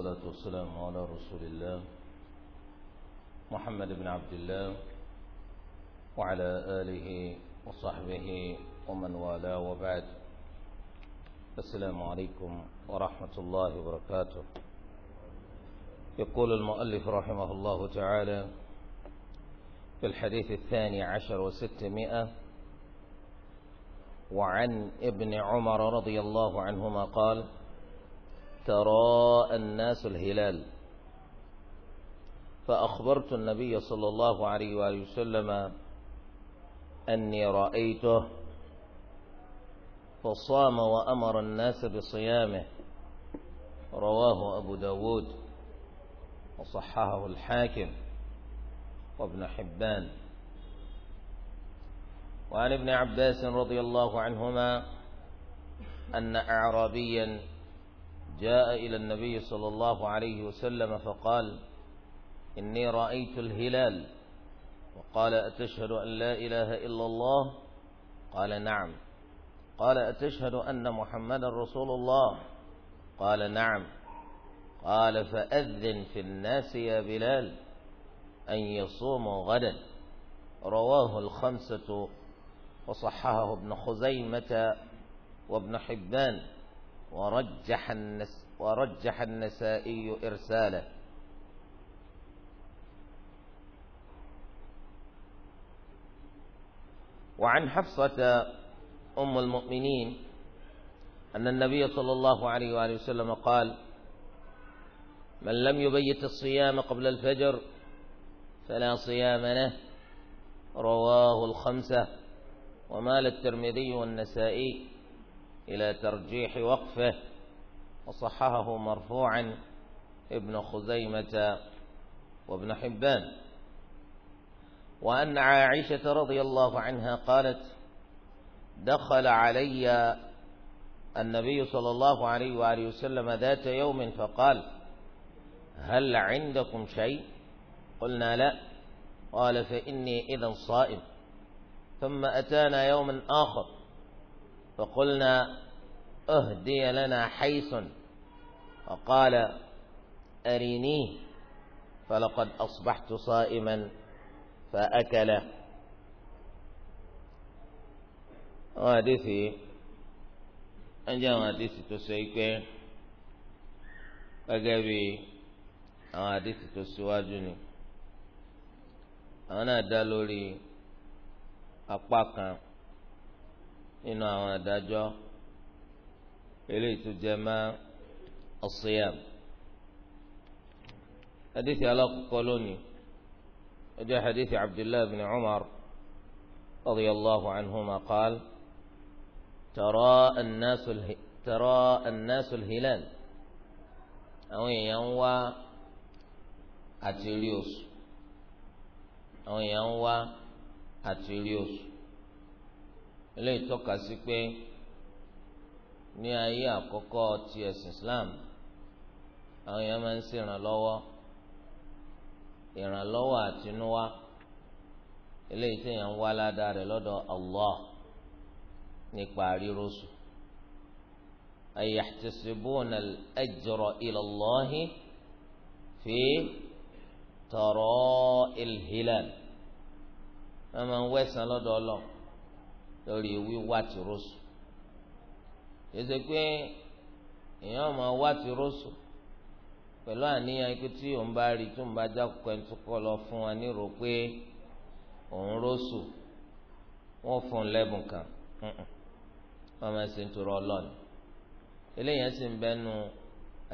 والصلاة والسلام على رسول الله محمد بن عبد الله وعلى آله وصحبه ومن والاه وبعد السلام عليكم ورحمة الله وبركاته يقول المؤلف رحمه الله تعالى في الحديث الثاني عشر وستمائة وعن ابن عمر رضي الله عنهما قال تراءى الناس الهلال فأخبرت النبي صلى الله عليه وآله وسلم أني رأيته فصام وأمر الناس بصيامه رواه أبو داود وصححه الحاكم وابن حبان وعن ابن عباس رضي الله عنهما أن أعرابيا جاء إلى النبي صلى الله عليه وسلم فقال إني رأيت الهلال وقال أتشهد أن لا إله إلا الله قال نعم قال أتشهد أن محمدا رسول الله قال نعم قال فأذن في الناس يا بلال أن يصوموا غدا رواه الخمسة وصححه ابن خزيمة وابن حبان ورجح النس ورجح النسائي إرساله وعن حفصة أم المؤمنين أن النبي صلى الله عليه وآله وسلم قال من لم يبيت الصيام قبل الفجر فلا صيام له رواه الخمسة ومال الترمذي والنسائي إلى ترجيح وقفه وصححه مرفوعا ابن خزيمة وابن حبان وأن عائشة رضي الله عنها قالت دخل علي النبي صلى الله عليه وآله وسلم ذات يوم فقال هل عندكم شيء قلنا لا قال فإني إذا صائم ثم أتانا يوما آخر فقلنا اهدي لنا حيث وقال أريني فلقد أصبحت صائما فأكل وحديثي أنجا حديثي تسيك أجابي حديثي تسواجني أنا دلولي أقاكم nínú àwọn adájọ́ eléyìí tó jẹ mọ́ hadithi alákọ̀ọ́kọ́ lónìí ojo hadithi abdullahi bin umar radiyallahu allahu anhu ma an tara an-nasu al-hilal àwọn èèyàn ń wá àti rí oṣù àwọn èèyàn ń wá àti rí oṣù. eléyìí tọ́ka sí pé ní ayé àkọ́kọ́ ti ẹ̀sìn Islam àwọn èèyàn máa ń ṣe ìrànlọ́wọ́ ìrànlọ́wọ́ àtinúwá eléyìí téèyàn ń wá ládàá rẹ̀ lọ́dọ̀ Allah nípa ríroṣù ayahtasibuna al-ajra ila fi tara'il hilal wọ́n máa ń wẹ̀sán lọ́dọ̀ Ọlọ́run lórí wíwá tìrósù yẹsẹ pé èèyàn máa wá tìrósù pẹ̀lú àníyàn pé tí òun bá rí tó ń bá jákòó ẹni tó kọ́ lọ fún wa nírò pé òun rósù wọ́n fún un lẹ́bùn kan wọ́n máa ṣe ń torọ ọlọ́ọ̀ni eléyìí sì ń bẹ́nu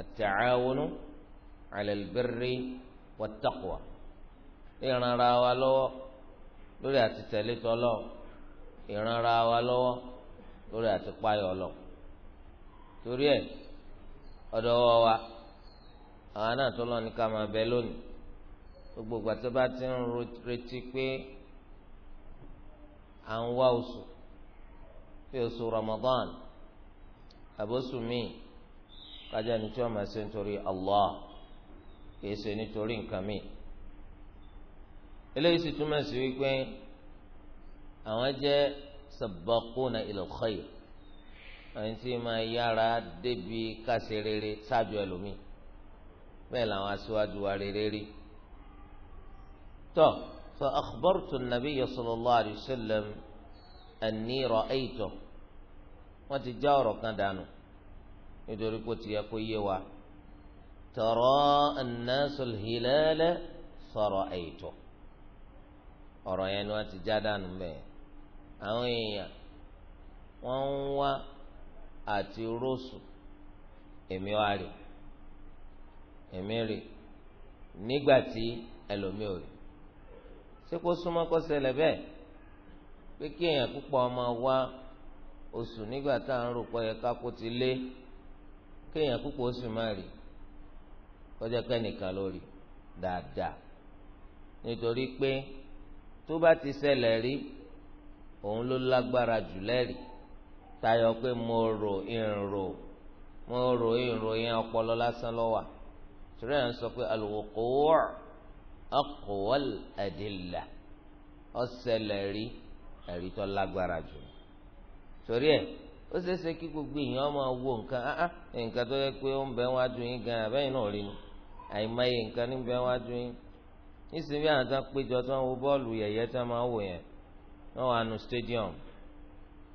at-ta'awunu 'ala al-birri lórí àti tẹ̀lé tọ́lọ́ọ̀ ìranra wa lọ́wọ́ lórí àti páyọ̀ lọ torí ẹ̀ ọ̀dọ̀ wọ́ wa àwọn náà tó lọ ní ká máa bẹ lónìí gbogbo ìgbà tó bá ti ń retí pé à ń wá oṣù pé oṣù Ramadan àbóṣù míì kájà ní tí wọ́n máa ṣe nítorí Allah kì í ṣe nítorí nǹkan míì eléyìí sì túmọ̀ sí wípé àwọn jẹ́ sabaquna ilal khair àwọn tí máa yára débi kásẹ̀ rere ṣáájú ẹlòmíì bẹ́ẹ̀ làwọn aṣíwájú wa rere rí tọ́ fa akhbartu an-nabiyya sallallahu alayhi wa sallam anni ra'aytu wọ́n ti já ọ̀rọ̀ kan dànù nítorí kó ti yẹ kó yé wa tọrọ an-nasul hilala fara'aytu ọ̀rọ̀ yẹn ni wọ́n ti já dànù bẹ́ẹ̀ àwọn èèyàn wọ́n ń wá àti róòsù èmi wá rè èmi rè nígbà tí ẹlòmíì ò rè ṣé kó súnmọ́ kó ṣẹlẹ̀ bẹ́ẹ̀ pé kí èèyàn púpọ̀ máa wá oṣù nígbà tá à ń rò pé ẹ̀ka kó ti lé kí èèyàn púpọ̀ oṣù má rè kọjá kẹ́nìkan lórí dáadáa nítorí pé tó bá ti ṣẹlẹ̀ rí òun ló lágbára jù lẹ́rìí tayọ pé mo rò ìrò mo rò ìrò yẹn ọpọlọ lásán lọ́wà tìrẹ̀ ń sọ pé al-wuqu' aqwal ọ̀sẹ̀lẹ̀ rí ẹ̀rí tó lágbára jù torí ẹ̀ ó ṣeé kí gbogbo èèyàn ọmọ wo nǹkan áá ah, ah, nǹkan tó yẹ pé ó ń bẹ wá dùn yín gan abẹ́yìn náà rí ni àìmọye nǹkan ní bẹ wá dùn yín nísìnyí wọn wà nù stadium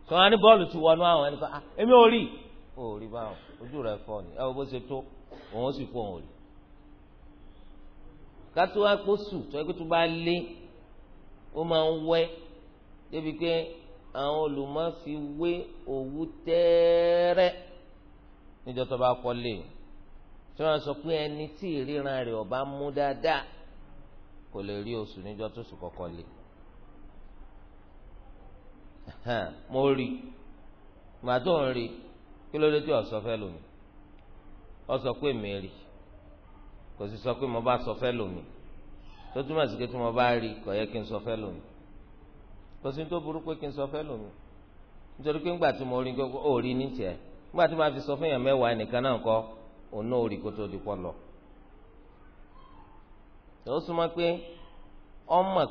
tí wọn á ní bọ́ọ̀lù tí wọnú àwọn ẹni kan ah, èmi ò rí ò rí báwọn ojú rẹ fọ ni ẹ wo bó ṣe tó òun ó sì kó òun rí kátó wá pọ̀ sùn tó ẹgbẹ́ tó bá lé ó máa ń wẹ́ débi pé àwọn olùmọ̀ wé òwú tẹ́ẹ́rẹ́ níjọ́ tó bá kọ́ o tí wọ́n sọ pé ẹni tí ìríran rẹ̀ ọba mú dáadáa kò lè rí oṣù níjọ́ tó sì kọ́kọ́ lé mo rí màá tó ń rí kí ló dé tí ọ̀sọ́ fẹ́ lómi ọ pé mi rí kò sì sọ pé mo bá sọ fẹ́ lómi tó túmọ̀ sí pé tí mo bá rí kò yẹ kí n sọ fẹ́ lómi kò sí tó burú pé kí n sọ fẹ́ lómi nítorí pé ńgbà tí mo rí gbogbo ó rí ní tiẹ̀ fi sọ fún mẹ́wàá nìkan náà kọ́ òun náà ó rí kó tó di lọ.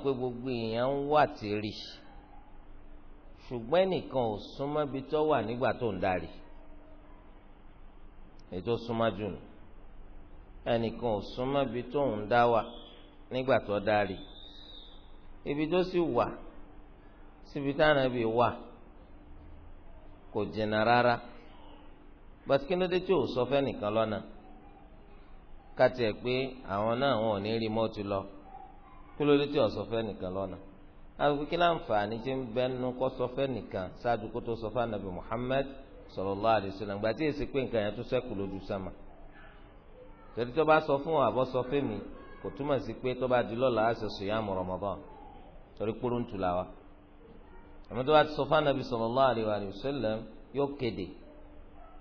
gbogbo èèyàn wà ṣùgbọ́n ẹnìkan ò súnmọ́ bí tó wà nígbà tó ń darí ètò súnmọ́ jù nù ẹnìkan ò súnmọ́ bí tó ń dá wà nígbà tó darí ibi tó sì wà síbi táwọn ibi wà kò jìnnà rárá bàtí kí ló dé tí ò sọ fẹ́ nìkan lọ́nà ká tiẹ̀ pé àwọn náà wọn ò ní rí mọ́tò lọ kí ló dé tí ò sọ fẹ́ nìkan lọ́nà alùpùpù láǹfààní tí ń bẹ nínú kó sọ fẹ́ nìkan ṣáájú kó tó sọ fún anabi Muhammad sallallahu alaihi wasallam gbà tí èsì pé nǹkan yẹn tó ṣẹ́kù lójú sánmà torí tó bá sọ fún wọn àbọ̀ sọ fẹ́mi kò túmọ̀ sí pé tó bá di lọ́la á ṣe sùyàmù Ramadan torí kúrú ń tula wa àmọ́ tó bá ti sọ fún anabi sallallahu alaihi yóò kéde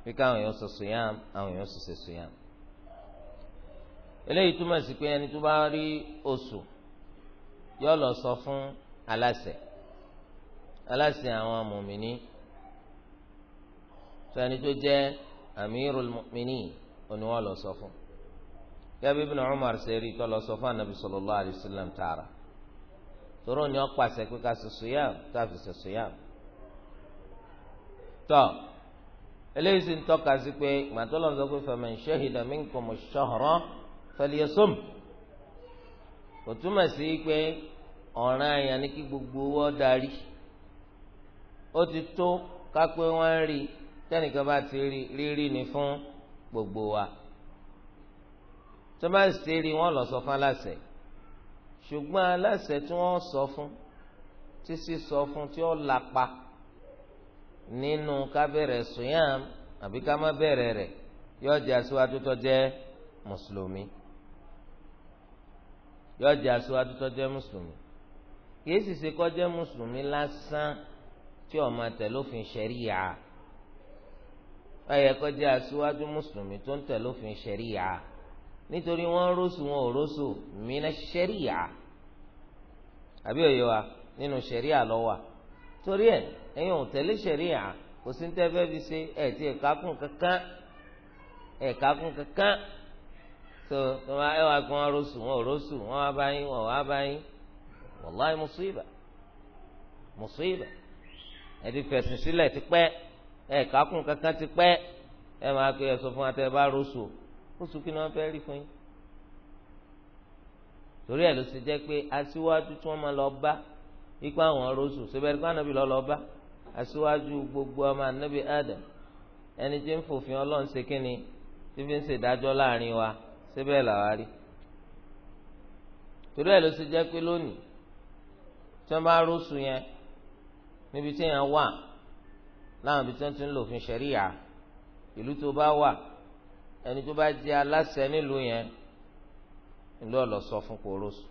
bí káwọn èèyàn ṣe sùyàm àwọn èèyàn ṣe sùyàm eléyìí túmọ̀ sí pé ẹni tó bá rí aláṣẹ aláṣẹ àwọn mùmíní sani tó jẹ amirul mùmíní òní wọn lọ sọ fún gẹbi Ibn Umar sẹri tó lọ sọ fún anabi sallallahu alayhi wa sallam tààrà tóró ni wọn pàṣẹ pé ká sọ sùyàm ká fi sọ sùyàm tọ eléyìí sì ń tọ́ka sí pé gbàtọ́lọ́ sọ pé faman shahida minkum ash-shahra falyasum kò túmọ̀ sí pé ọ̀ràn àyàn ni kí gbogbo owó darí ó ti tó kápẹ́ wọ́n ń rí tẹ́nìkan bá ti rí rírí ni fún gbogbo wa tó bá sì rí wọ́n lọ sọ fún aláṣẹ ṣùgbọ́n aláṣẹ tí wọ́n sọ fún tí sísọ fún tí ó lapa nínú ká bẹ̀rẹ̀ sùnyàm àbí ká má bẹ̀rẹ̀ rẹ̀ yóò jẹ́ aṣíwájú tó jẹ́ mùsùlùmí yóò jẹ́ aṣíwájú tó jẹ́ mùsùlùmí kìí sì ṣe kọjá mùsùlùmí lásán tí ó máa tẹ̀lé òfin ṣẹ̀ríyà ó yẹ kọjá aṣíwájú mùsùlùmí tó ń tẹ̀lé òfin ṣẹ̀ríyà nítorí wọ́n rọ́ṣù wọn ò rọ́ṣù mìíràn ṣẹ̀ríyà àbí òye wa nínú ṣẹ̀ríyà lọ́wọ́ torí ẹ̀ ẹ̀yin ò tẹ̀lé ṣẹ̀ríyà kò sí tẹ́ fẹ́ fi ṣe ẹ̀ tí ẹ̀ka kún kankan ẹ̀ka kún kankan tó ẹ wá kí wọ́n rọ́ṣù wọn ò rọ́ṣù wọn wá báyìí wọn wá báyìí wàláì mùsíbà mùsíbà ẹ̀dí fẹ̀sìn sílẹ̀ ti pẹ́ ẹ̀ kákùn kankan ti pẹ́ ẹ̀ máa pe ẹ̀sọ́ fún atẹ́ bá rọ́ṣù oṣù kí ni wọ́n fẹ́ rí fún yín torí ẹ̀ ló ṣe jẹ́ pé aṣíwájú tí wọ́n máa lọ bá ikú àwọn rọ́ṣù síbẹ̀ ẹ̀dí pàánù bí lọ́ lọ bá aṣíwájú gbogbo ọmọ anábì Adam ẹni tí ń fòfin ọlọ́run ṣe kí ni tí fi ń ṣèdájọ́ láàrin wa síbẹ̀ làwárí torí ẹ̀ ló ṣe jẹ́ pé lónìí tí wọ́n bá rọ́ọ̀sù yẹn níbi tí yẹn wà láwọn ibi tí wọ́n ti ń lò fún ṣẹ̀ríyà ìlú tó bá wà ẹni tó bá jẹ́ aláṣẹ nílùú yẹn ìlú ọ̀lọ́ sọ fún kò rọ́ọ̀sù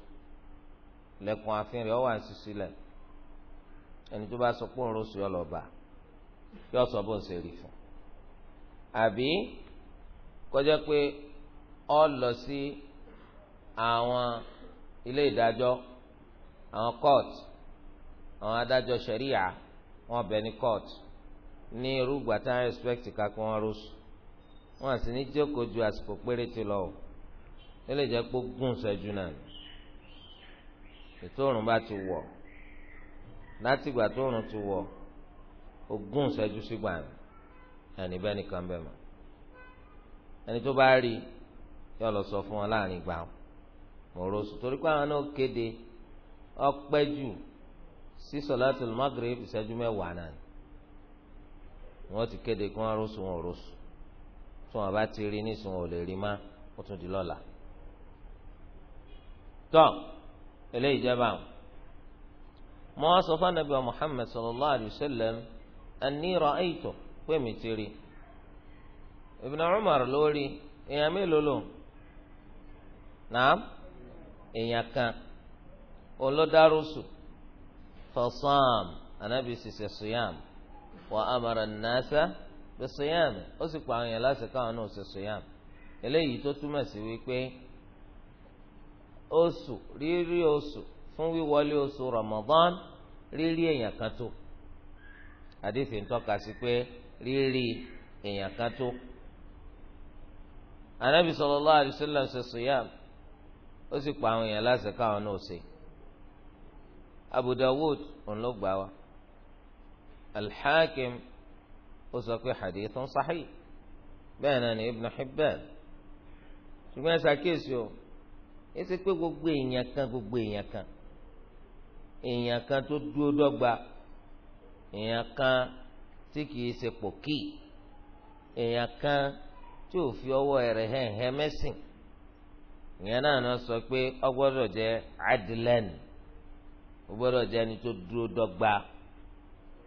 lẹ́kùn ààfin rẹ̀ ọ wà sísí lẹ̀ ẹni tó bá sọ pé òun rọ́ọ̀sù yọ lọ bá yọ sọ bó ń ṣe rí fún àbí kọjá pé ọ lọ sí àwọn ilé ìdájọ́ àwọn kóòtù àwọn adájọ́ ṣẹ̀ríà wọn bẹ̀ ní court ní irúgbà tá a respect kakọ wọn rọṣù wọn sì ní jókòó ju àsìkò péréte lọ o ó lè jẹ́ pé gùn ṣẹ́jú náà ètò òrùn bá ti wọ̀ látìgbà tó òrùn ti wọ̀ ogún ìṣẹ́jú sígbà ní ẹni bẹ́ẹ̀ nìkan bẹ́ẹ̀ mọ̀ ẹni tó bá rí yóò lọ sọ fún wọn láàrin ìgbà mọ̀rọ́sù torí pé àwọn náà kéde ọpẹ́ jù sí sọláàtù magreb ìṣẹ́jú mẹ́wàá náà ni wọ́n ti kéde kí wọ́n rọ́ọ̀sù wọn rọ́ọ̀sù tí wọ́n bá ti rí nísìnyí wọn ò lè rí má ó tún di lọ́la. tọ́ eléyìí jẹba mo wá sọ fún anabi muhammed sallallahu alayhi wa sallam anni ra'aytu pé mi ti rí ibn umar lórí èèyàn mélòó lò náà èèyàn kan òun fasam anabi ṣiṣẹ siyam wa amara nasa bi o si sì pa àwọn yẹn láti káwọn náà ṣe siyam eléyìí tó túmọ̀ sí wípé oṣù rírí oṣù fún wíwọlé oṣù Ramadan rírí èèyàn kan tó àdìsí ń tọ́ka sí pé rírí èèyàn kan tó anabi sallallahu alaihi ṣe ó sì pa àwọn láti káwọn náà ṣe. abu dawud òun ló gbà wá alḥakim ó sọ pé hadithun sahih bẹ́ẹ̀ náà ni ibn hibban ṣùgbọ́n ẹ o ẹ ṣe gbogbo èèyàn gbogbo èèyàn kan èèyàn kan tó dúró dọ́gba èèyàn kan tí kìí ṣe pòkì èèyàn kan tí ò fi ọwọ́ rẹ̀ mẹ́sìn ìyẹn náà sọ pé ó gbọ́dọ̀ jẹ́ ẹni tó dúró dọ́gba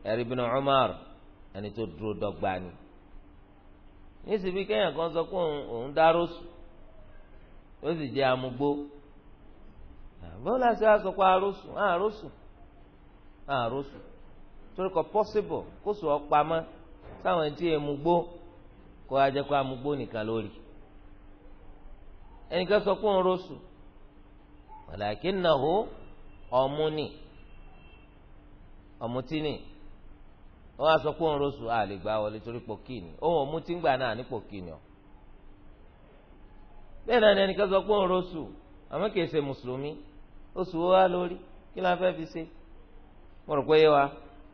ẹ̀rí ibn Umar ẹni tó dúró dọ́gba ni nísìbí kan sọ pé òun dárò sùn ó sì jẹ́ amúgbó bọ́lá sí wa sọ pé àròsùn àròsùn àròsùn torí kò possible kó sùn ọ̀pamọ́ sáwọn etí emugbó kó a jẹ́ kó amugbó nìkan lórí ẹnìkan sọ pé òun rò sùn ọmú nì o nì sọ pé òun rọṣù a lè gbà wọlé torí pòkì ni òun ọmútí gbà náà ní pòkì ni ọ bẹ́ẹ̀ náà ni ẹnìkan sọ pé òun rọṣù kìí ṣe mùsùlùmí fi ṣe mo rò pé yé wa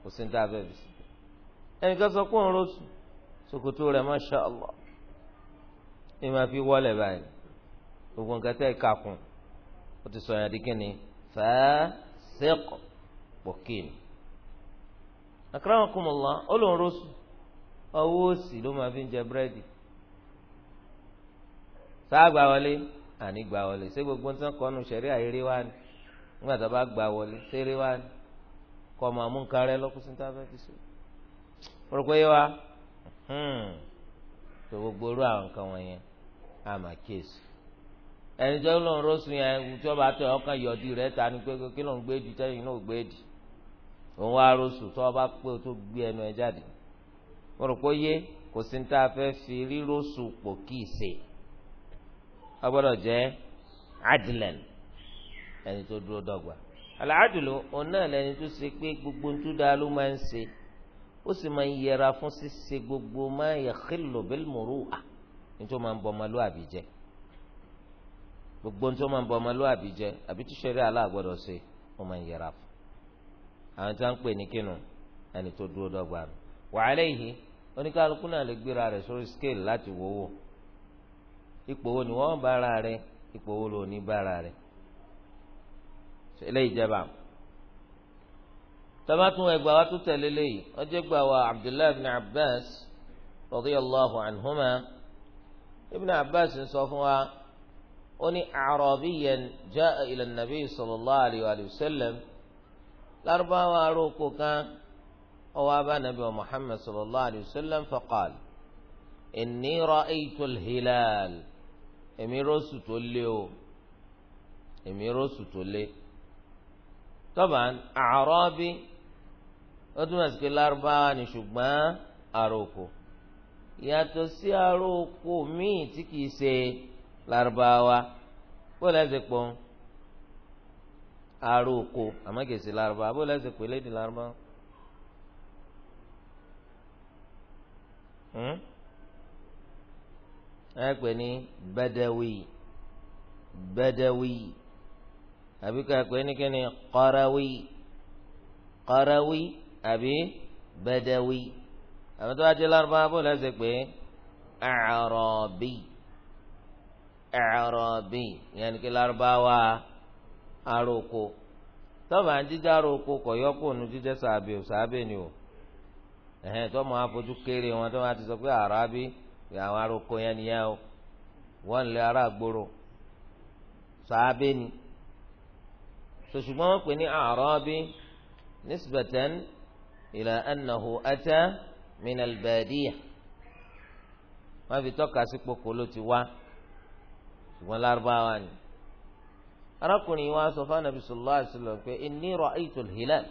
kò sí ní tá a fi ṣe ẹnìkan sọ pé masha ni màá fi wọlé báyìí gbogbo nǹkan fasiq pòkì ni akramakumullah olóhùn rọ́ọ̀sù ọwọ́ òsì ló máa fi ń jẹ búrẹ́dì sáà gbà wọlé àní gbà wọlé ṣé gbogbo nǹkan kọ́nu ṣẹ̀rí àìrí wa ni nígbà tó bá gbà wọlé ṣeré wa ni kọ́ máa mú nǹkan rẹ lọ́kùsí tá a fẹ́ ṣe rò pé wa tó hmm. gbogbo orú àwọn nǹkan wọ̀nyẹn a máa ẹni tó lóun rọ́ọ̀sùn yẹn tí wọ́n bá ọkàn yọ̀dí rẹ̀ ta ni pé kí lóun gbé di tẹ́yìn náà gbé di òun wá rọ́ọ̀sùn tó bá pé o tó gbé ẹnu ẹ jáde mo rò pé yé kò sí ní tá a fẹ́ fi rírọ́ọ̀sùn pò kì í ṣe ọ gbọ́dọ̀ jẹ́ adìlẹ̀n ẹni tó dúró dọ́gba aláàdùlù òun náà lẹni tó ṣe pé gbogbo tó dáa ló máa ń ṣe ó sì máa ń yẹra fún ṣíṣe gbogbo máa yẹ kílò bẹ́ẹ̀ mọ̀rọ̀ à nítorí máa ń bọ ọmọlúwàbí jẹ́ gbogbo tó máa ń bọ ọmọlúwàbí jẹ àbí tíṣẹrí aláàgbọ́dọ̀ ṣe ó máa ń yẹra fún àwọn tí wọn ń pè ní kinu ẹni tó dúró dọ́gba nù wàhálà yìí oníkálukú náà lè gbéra rẹ̀ sórí scale láti ipò wo ni wọn bá ara rẹ̀ ipò wo ló ní bá ara rẹ̀ eléyìí jẹba tabatun wa anhuma ibn abbas sọ ó ní àròbíyẹn já ilẹ̀ nàbí sallallahu alayhi wa sallam lárúbáwá aróko kan ó wá bá nàbí wa muhammad sallallahu alayhi wa sallam faqal inni ra'aytul hilal èmi rọ́ọ̀sù tó lé o èmi rọ́ọ̀sù tó lé tọ́bàn àrọ́bí ó túmọ̀ sí ni ṣùgbọ́n aróko yàtọ̀ sí aróko míì tí kìí ṣe lárúbáwá bó lẹ́sẹ̀ pọ̀ aró oko àmọ́ kìí ṣe lárúbáwá bó lẹ́sẹ̀ pé léde lárúbáwá. Hmm? ẹ pè ní badawi badawi àbí ká pè ní kíni qarawi qarawi àbí badawi àwọn tó bá jẹ́ lárúbáwá bó lẹ́sẹ̀ pé arabi ẹ̀rọ̀bì ìyẹn ni kí lárúbáwá aróko tọ́ba ń jíjá aróko kọ̀ yọ́pọ̀ nu jíjẹ́ sàbẹ̀ ò sàbẹ̀ ni o ẹ̀hẹ́n tọ́mọ afojú kéré wọn tọ́ba ti sọ pé àràbí àwọn aróko yẹn nìyẹn o wọ́n lé ara gbòòrò sàbẹ̀ ni sòṣùgbọ́n wọ́n pè ní àràbí nisbatan ila annahu ata min wọ́n fi tọ́ka sí pokolo ti wá ṣùgbọ́n lárúbáwá ni arákùnrin wa sọ fún anabi sallallahu alaihi wasallam pé inni ra'aytul hilal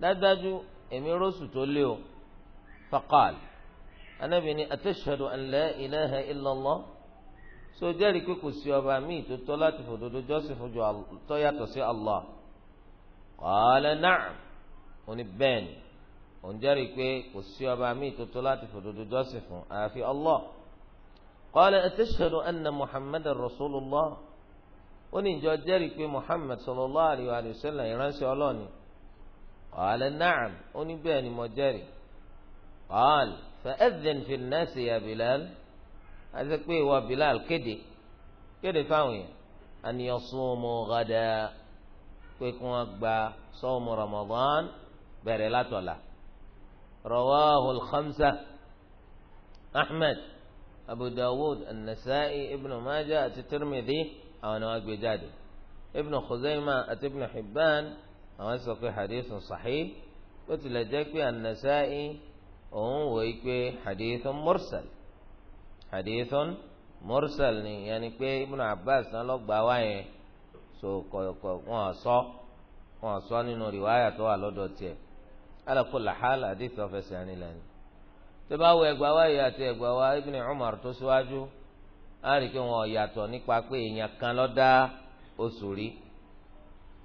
dájúdájú èmi rọ́ṣù tó lé o faqal anabi ni atashhadu an la ilaha so jẹ́rìí pé kò sí ọba míì tó tọ́ láti fòdodo jọ́sìn fún jọ tó yàtọ̀ sí allah qala na'am òní bẹ́ẹ̀ ni òun jẹ́rìí pé kò sí ọba míì tó tọ́ láti fòdodo jọ́sìn fún àyàfi allah qala atashhadu anna muhammadar rasulullah ó ní ìjọ jẹ́rìí pé muhammad sallallahu alayhi wa sallam ìránṣẹ́ ọlọ́ọ̀ni qala na'am ó ní bẹ́ẹ̀ ni mo jẹ́rìí qala fa'adhin fin nasi ya bilal àti pé ìwọ bilal kéde kéde fáwọn yẹn an yasumu gada pé kí wọn gba sọmu ramadan bẹ̀rẹ̀ látọ̀la rawahu al-khamsa ahmed abu dawud an-nasa'i ibn majah àti tirmidhi àwọn ni wọ́n gbé jáde ibn khuzaima àti ibn hibban àwọn sọ pé hadithun sahih ó tilẹ̀ jẹ́ pé an-nasa'i òun wò ó pé hadithun mursal hadithun mursal ni yẹn ni pé ibn abbas náà lọ gbà wáyẹn so kọ̀ọ̀kọ̀ wọn sọ wọn sọ nínú rìwáyà tó tiẹ̀ ala hadith ọ̀fẹ́sẹ̀ rìn lẹ́nu tó bá wọ ẹgbàá wa yìí àti ẹgbàá wa Ibn Umar tó síwájú á rí i pé wọn yàtọ̀ nípa pé èèyàn kan ló dá oṣù rí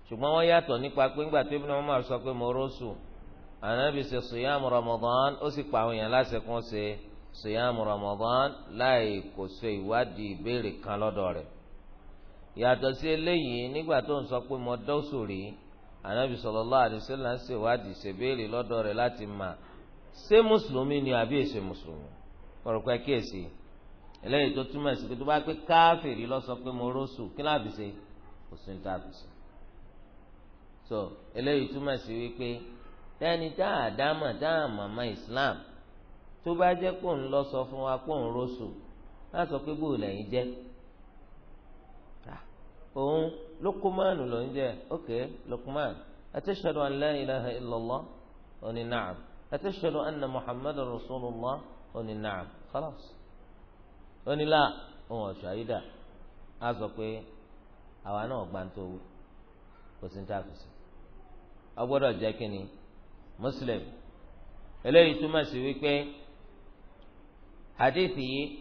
ṣùgbọ́n wọ́n yàtọ̀ nípa pé ńgbà tó Ibn Umar sọ pé mo rọ́ṣù ànábì ṣe siyam Ramadan ó sì pa àwọn èèyàn láṣẹ kún ṣe siyam Ramadan láì kò ṣe ìwádìí ìbéèrè kan lọ́dọ̀ rẹ̀ yàtọ̀ sí eléyìí nígbà tó ń sọ pé mo dọ́ṣù rí ànábì sallallahu alaihi wasallam ṣèwádìí ṣèbéèrè lọ́dọ̀ rẹ̀ láti mà ṣé mùsùlùmí ni àbí èsè mùsùlùmí kọ̀rọ̀kọ̀ ẹ kíyèsí eléyìí tó túmọ̀ sí pé tó bá pé káfìrí lọ sọ pé mo rọ́ọ̀sù kí láàbì ṣe kò sí ní táàbì ṣe so eléyìí túmọ̀ sí wípé tẹ́ni tá àdámà tá àmàmà Islam tó bá jẹ́ pò ń lọ sọ fún wa pò ń rọ́ọ̀sù á sọ pé bóò lẹ́yìn jẹ́ òun lukumanu ló ń ok lukumanu atashhadu an la ilaha illallah ó ní أتشهد أن محمد رسول الله قل نعم خلاص قل لا هو شهيدا أزوكي أو أنا أغبانتو وسنتافسي أقول جاكني مسلم eléyìí túmọ̀ sí wípé hadithi yìí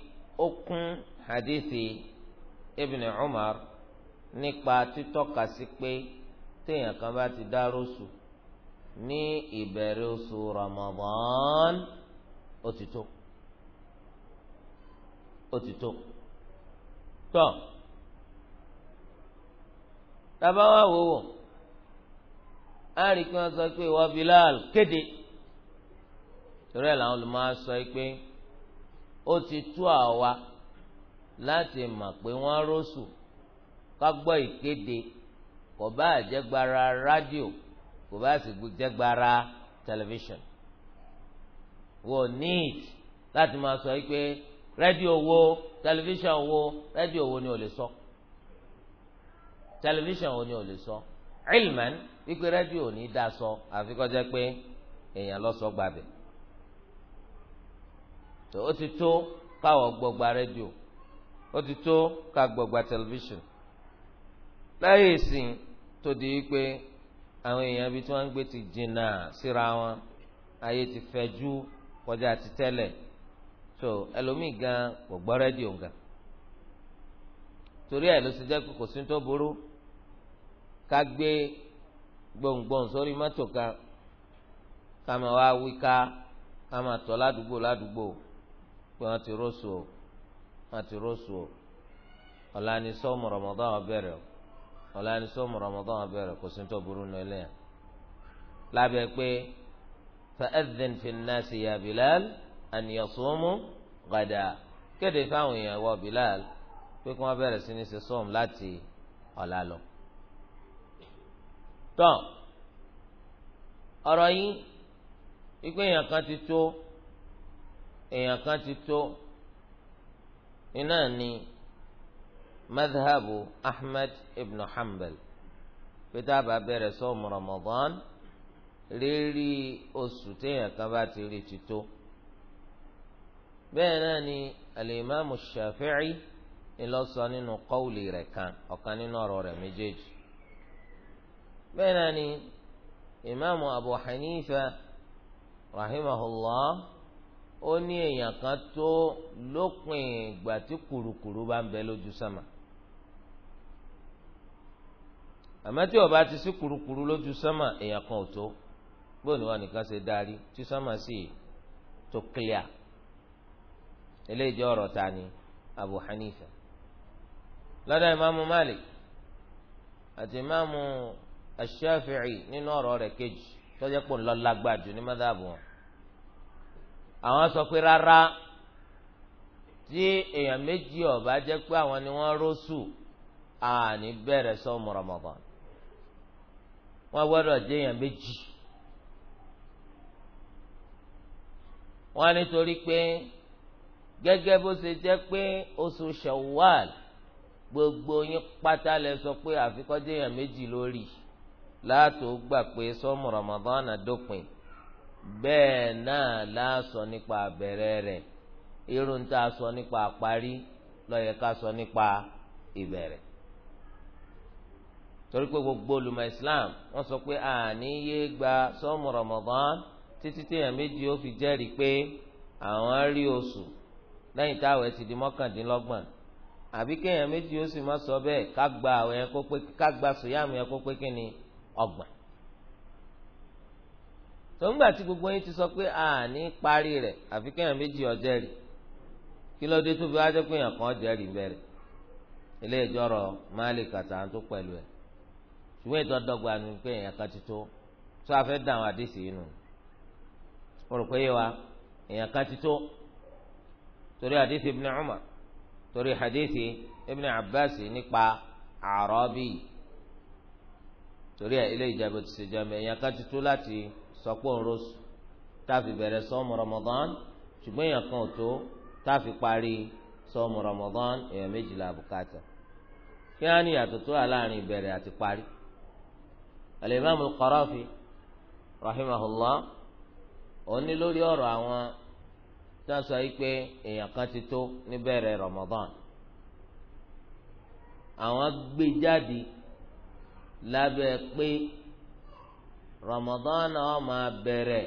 ó kún hadithi ibn Umar nípa títọ́ka sí pé téèyàn kan bá ti dá rósù ní ìbẹ̀rẹ̀ oṣù Ramadan ó ti tó ó ti tó tọ́ tàbá wà wò wò á rí i pé wọ́n sọ pé ìwọ Bilal kéde torí ẹ̀ làwọn olùmọ̀ á sọ pé ó ti tú àwa láti mọ̀ pé wọ́n rọ́ṣù ká gbọ́ ìkéde kò bá àjẹgbára rádìò kò bá sì jẹ́ gbara tẹlifíṣàn wò need láti máa sọ pé rédíò wo tẹlifíṣàn wo rédíò wo ni o lè sọ tẹlifíṣàn wo ni o lè sọ ilman wípé rédíò ò ní dá sọ àfi kó jẹ́ pé èèyàn lọ sọ gbàbẹ̀ tó o ti tó káwọ gbọgba rédíò ó ti tó ká gbọgba tẹlifíṣàn láyé ìsìn tó di wípé àwọn èèyàn bíi tí wọ́n ń gbé ti jìnnà síra wọn ayé ti fẹ̀jú kọjá ti tẹ́lẹ̀ tó ẹlòmíì gan kò gbọ́ rédíò gan torí ẹ̀ ló ti jẹ́ pé kò sí tó burú ká gbé gbòǹgbòǹ sórí mọ́tò kan ká máa wá wí ká ká máa tọ́ ládùúgbò ládùúgbò pé wọ́n ti rọ́ọ̀sù o wọ́n ti rọ́ọ̀sù o ọ̀la ni sọ́ọ̀mù Ramadan ó bẹ̀rẹ̀ o. ọ̀la ẹni sọ́mu Ramadan abẹ́rẹ́ kò sí tó burú nù ilé yẹn lábẹ́ pé fa'adhin fi nnaasi ya Bilal an yasumu gada kéde fáwọn èèyàn wọ Bilal pé kí wọ́n bẹ̀rẹ̀ sí ní ṣe sọ́mu láti ọ̀la lọ. tán ọ̀rọ̀ yìí wípé èèyàn kan ti tó èèyàn kan ti tó iná ni madhabu ahmed ibn hanbal pété àbá bẹ̀rẹ̀ sọ́ọ̀mù ramadan rírí oṣù téèyàn kan bá ti rí ti tó bẹ́ẹ̀ náà ni alimami shafi'i ìlọsọ nínú kọ́wùlì rẹ̀ kan ọ̀kan nínú ọ̀rọ̀ rẹ̀ méjèèjì bẹ́ẹ̀ náà ni imaamu abu hanifa rahimahullah ó ní èèyàn kan tó lópin ìgbà tí kùrukùru bá ń bẹ lójú sánmà àmọ́ tí ọba ti sí kurukuru lójú sánmà èèyàn kan ò tó gbọ́dọ̀ ni wọn nìkan ṣe darí tí sánmà sì tó clear eléyìí jẹ́ ọ̀rọ̀ ta ni Abu Hanifa lọ́dọ̀ ìmáàmù Malik àti ìmáàmù ash nínú ọ̀rọ̀ rẹ̀ kejì tọ́jà pò ńlọ ní mọ́tàbù wọn àwọn sọ pé rárá tí èèyàn méjì ọba jẹ́ pé àwọn ni wọ́n rọ́ṣù àní bẹ̀rẹ̀ sọ́mu Ramadan wọ́n gbọ́dọ̀ jẹ́ èèyàn méjì wọ́n nítorí pé gẹ́gẹ́ bó ṣe jẹ́ pé oṣù Shawwal gbogbo yín pátá lẹ sọ pé àfikọ́ jẹ́ èèyàn méjì lórí láàtò gbà pé sọ́mu Ramadan dópin bẹ́ẹ̀ náà láàsọ nípa àbẹ̀rẹ̀ rẹ̀ irun tá a sọ nípa àparí ló yẹ ká sọ nípa ìbẹ̀rẹ̀ torí pé gbogbo olùmọ̀ islam wọ́n sọ pé àní yé gba sọ́ọ̀mù ramadan títí téèyàn méjì ó fi jẹ́rìí pé àwọn rí oṣù lẹ́yìn táwọn ẹ̀ ti di mọ́kàndínlọ́gbọ̀n àbí kéèyàn méjì ó sì má sọ bẹ́ẹ̀ ká gba àwọn ẹ̀ kó pé ká gba sòyàmù ẹ̀ kó pé kí ni ọgbọ̀n. tòǹgbà tí gbogbo yín ti sọ pé àní parí rẹ̀ àfi kéèyàn méjì ó jẹ́rìí kí ló dé tó fi wá jẹ́ pé èèyàn kan jẹ́rìí bẹ̀rẹ̀ ilé ìjọrọ̀ máàlì kàtà tó pẹ̀lú ẹ̀ ìwé ìdọ́dọ́gba ni pé èèyàn kan ti tó tó a fẹ́ dàn àdìsí yìí nù mo rò pé yé wa èèyàn kan ti tó torí àdìsí ibn Umar torí àdìsí ibn Abbas nípa àrọ́bì torí ilé ìjàgbé ti ṣe jẹun èèyàn kan ti tó láti sọpọ̀ nrosù tá bẹ̀rẹ̀ sọ́mu Ramadan ṣùgbọ́n èèyàn kan ò tó tá parí sọ́mu Ramadan èèyàn méjìlá bùkátà kí á ní ìyàtọ̀ tó wà láàrin ìbẹ̀rẹ̀ àti parí. الإمام القرافي رحمه الله أني òní lórí ọ̀rọ̀ àwọn tó رمضان sọ yìí pé èèyàn kan ti tó níbẹ̀rẹ̀ Ramadan àwọn gbé jáde lábẹ́ pé Ramadan ó máa bẹ̀rẹ̀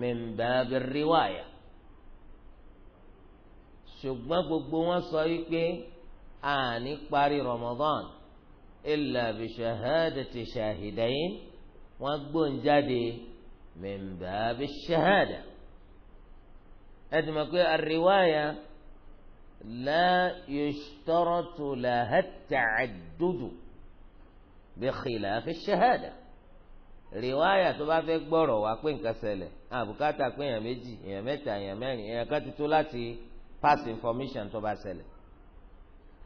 min bab ar-riwaya gbogbo wọn sọ yìí pé àní parí Ramadan illa bi shahadati shahidayn wọ́n gbóǹjáde min babi shahada ẹ ti mọ̀ pé àríwáyà la yushtaratu laha ta'addudu bi khilafi shahada rìwáyà tó bá fẹ́ gbọ́rọ̀ wá pé nǹkan ṣẹlẹ̀ àbùkátà pé èèyàn méjì èèyàn mẹ́ta èèyàn mẹ́rin èèyàn kan ti tó láti pass information tó bá ṣẹlẹ̀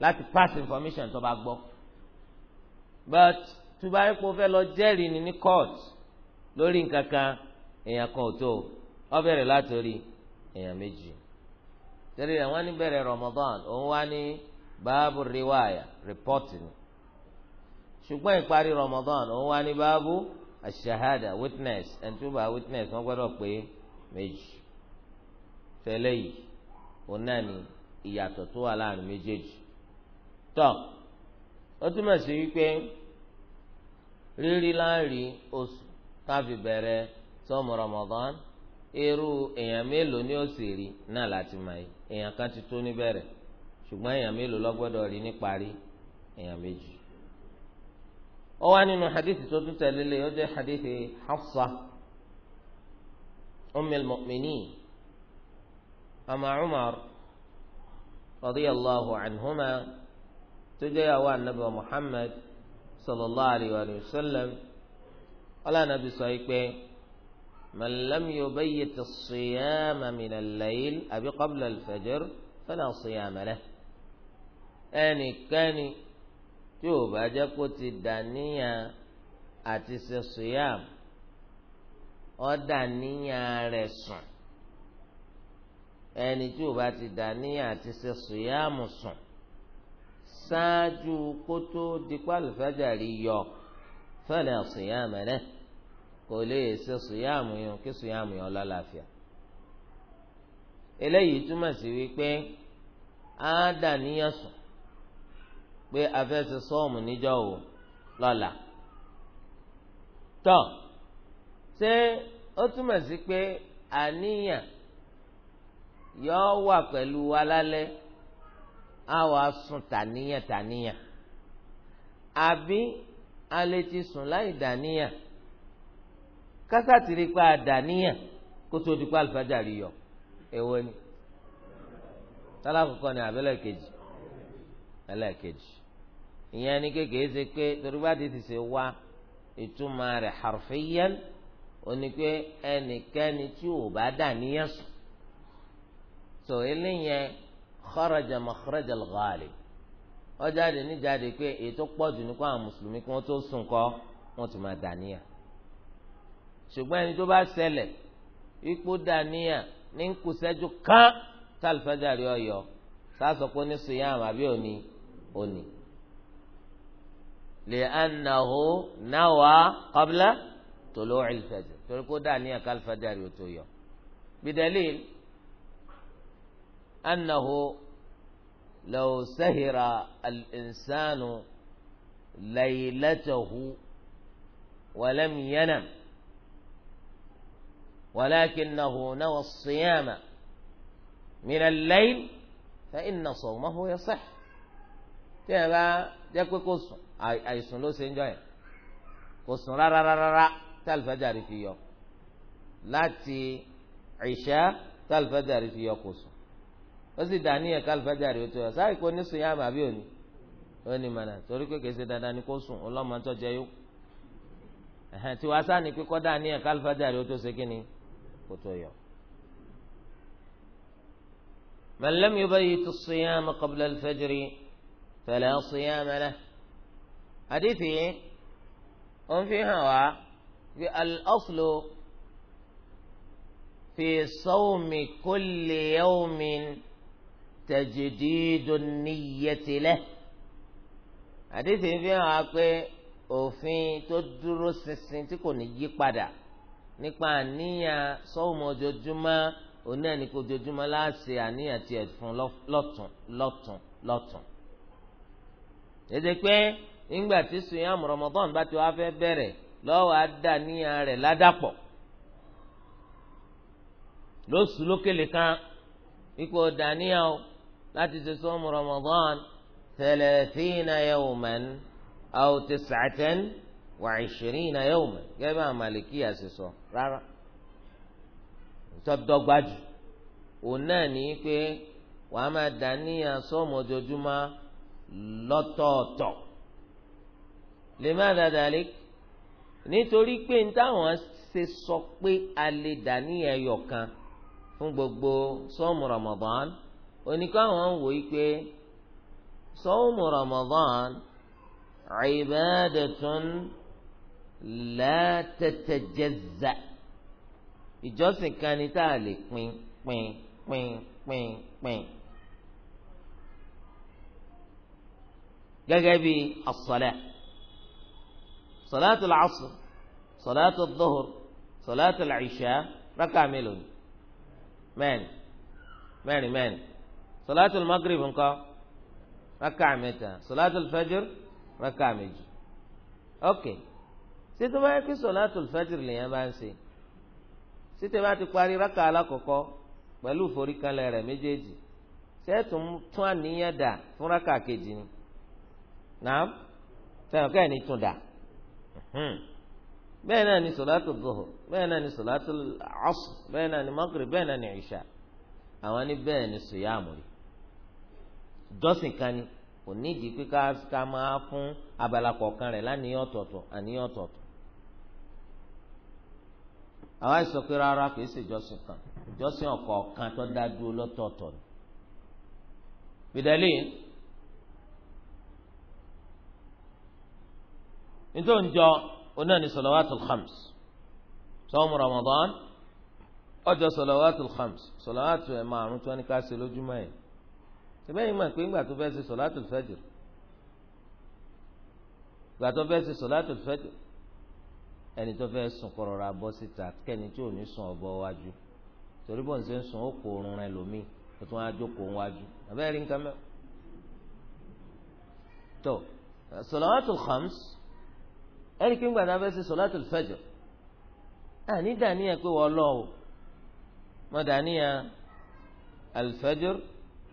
láti pass information tó bá gbọ́ but tó bá lọ jẹ́rìí ni ní court lórí nǹkan èèyàn kan ò tó ọ bẹ̀rẹ̀ látòrí èèyàn méjì torí rẹ̀ wọ́n bẹ̀rẹ̀ Ramadan òun wá ní báàbù riwaya ni ṣùgbọ́n ìparí Ramadan òun wá ní báàbù ashahada witness ẹni witness wọ́n gbọ́dọ̀ pé méjì tẹ́lẹ̀ yìí òun náà ni ó túmọ̀ sí wípé rírí láàrin oṣù táfi bẹ̀rẹ̀ sọ́mu Ramadan irú èèyàn mélòó ni ó sì rí náà láti mọ̀ yìí èèyàn kan ti tó níbẹ̀rẹ̀ ṣùgbọ́n èèyàn mélòó lọ́gbọ́dọ̀ rí níparí èèyàn méjì. ó wá nínú hadithi tó tún tẹ̀lé lé ó jẹ́ hadithi Hafsa Ummul ama Umar tó jẹ́ ìyàwó anabi muhammad sallallahu alayhi wa sallam ọlànàbí sọ pé man lam yubayyit as-siyama min al-layl àbí qabla al-fajr fala siyama lahu ẹnikẹ́ni tí ò bá jẹ́ kó ti dàníyàn àti ṣe siyam ó dàníyàn rẹ̀ sùn ẹni tí ò bá ti dàníyàn àti ṣe siyam sùn ṣáájú kótó dípò àlùfájàrí yọ fala siyama lahu kò lè ṣe sùyàmù yẹn kí sùyàmù yẹn lálàáfíà eléyìí túmọ̀ sí wípé á dà níyàn sùn pé a fẹ́ ṣe sọ́ọ̀mù níjọ́ o lọ́la tọ́ ṣé ó túmọ̀ sí pé àníyàn yọ wà pẹ̀lú wa á wàá sùn tàníyàn tàníyàn àbí a lè ti sùn láì dàníyàn kásàtìrí pa àdàníyàn kó tó di pa àlùfáàjàrí yọ èwo ni tálàkùkọ ni àbẹ́lẹ̀ kejì ẹlẹ́ẹ̀kejì ìyẹn ni kékeré ṣe pé torí bá ti ṣe wá ìtumọ̀ rẹ̀ harfiyan oní pé ẹnikẹ́ni tí ò bá dàníyàn sùn tó eléyẹn kharaja makhraja al-ghalib ó jáde níjáde pé ètò pọ̀jù ní kó àwọn mùsùlùmí kí wọ́n tó sùn kọ́ wọ́n ti máa dàníyà ṣùgbọ́n ẹni tó bá ṣẹlẹ̀ ipò dàníyà ní ń kùsẹ́jú kán tálífàjárì ọ̀yọ́ sáàsọ pé ní siyam àbí òní òní lè anahu náwa qabla tulu'il fajr torí kó dàníyà kálífàjárì ò tó yọ bidalil. أنه لو سهر الإنسان ليلته ولم ينم ولكنه نوى الصيام من الليل فإن صومه يصح tí ẹ bá jẹ́ pé kò sùn àìsùn ló ṣe ń jọ yẹn kò sùn rárá rárá tí àlùfáàjàrí fi yọ láti ìṣá tí àlùfáàjàrí fi yọ kò sùn ó sì dà níyẹn kálífàjárì ó tó yọ sáà ìkó ní sùnyàm àbí òní ó ní mànà torí pé kèsì dandan ni kó sùn ọlọ́mọ tó jẹ yó tí wàá sáà ní pé kọ́ dà níyẹn ó tó ṣe kí ni kó tó yọ. من لم يبيت الصيام قبل الفجر فلا صيام له حديثي أم في هوا الأصل في صوم كل يوم tajdidu niyyati lahu àdéhùn fi hàn á pé òfin tó dúró ṣinṣin tí kò ní yí padà nípa àníyàn sọ́wọ́mọ ojoojúmọ́ òun náà ní kó ojoojúmọ́ láàṣẹ àníyàn tiẹ̀ fún lọ́tún lọ́tún lọ́tún. èdè pé nígbà tí sùnyàmù Ramadan bá ti wá fẹ́ bẹ̀rẹ̀ lọ́wọ́ àdàníyàn rẹ̀ ládàpọ̀ lóṣù lókèlè kan ipò dàníyàn o láti ṣe sọ́mu Ramadan thalathina yawman aw tis'atan wa ishirina yawman gẹ́gẹ́ bá Malikiya ṣe sọ rárá tọ́dọ́gbájú òun náà ní pé wàá máa dà níyà sọ́mu ojoojúmọ́ lọ́tọ̀ọ̀tọ̀ lè má dáadáa lé nítorí pé ní táwọn ṣe sọ pé a lè dà níyà ẹyọ kan fún gbogbo sọ́mu Ramadan. oníkọ́ àwọn wò ikpe pé sọ́wọ́mù Ramadan ibadatun la tẹtẹ tatajazza ìjọsìn kan ní tá a lè pín pín pín pín pín. gẹ́gẹ́ asọ̀lẹ̀ as-salat salatul asr salatul dhuhr salatul isha rákà mélòó mẹ́rin mẹ́rin mẹ́rin. sọláàtù magrib nǹkan rákà mẹ́ta sọláàtù fẹjìr rákà méjì ok ṣètò báyẹ kí sọláàtù fẹjìr lèyàn bá ń ṣe ṣètò bá ti parí rákà alákọ̀ọ́kọ́ pẹ̀lú ìforíkalẹ̀ rẹ̀ méjèèjì ṣètò tún àníyàn dà fún rákà kejì ni naam sẹ́yìn ọ̀kẹ́ ni tún dà bẹ́ẹ̀ náà ni sọláàtù zuhur bẹ́ẹ̀ náà ni sọláàtù asr bẹ́ẹ̀ náà ni magrib bẹ́ẹ̀ náà ni ìṣà àwọn ní bẹ́ẹ̀ ni sùyàmù rí jọ́sìn kan ni kò nídìí pé ká máa fún abala kọ̀ọ̀kan rẹ̀ láníyàn ọ̀tọ̀ọ̀tọ̀ àníyàn ọ̀tọ̀ọ̀tọ̀ àwa sọ pé rárá kìí ṣe ìjọsìn kan ìjọsìn ọ̀kọ̀ọ̀kan tó dá dúró lọ́tọ̀ọ̀tọ̀ ni. bìdẹ́lì nítorí njọ onáà ní salawatul khams sọ́mu ramadan ọjọ́ salawatul khams salawatu ẹ̀ márùn-ún tí wọ́n ní ká ṣe lójúmọ́ yìí sẹ́bẹ̀yìn mọ̀ pé ńgbà tó fẹ́ ṣe sọ̀látùl fajr ńgbà tó fẹ́ ṣe sọ̀látùl fajr ẹni tó fẹ́ sùn kọ̀rọ̀ ra bọ́ síta kẹ́ni tí ò ní sùn ọ̀bọ wájú torí bọ́n ṣe ń sùn ó kó oorun rẹ lómìn ó tún á jókòó wájú àbẹ́rẹ́ rí nǹkan mẹ́wàá. tó sọ̀látùl khams ẹni kí ńgbà tó fẹ́ ṣe sọ̀látùl fajr àní dàníyà pé wọ́n lọ́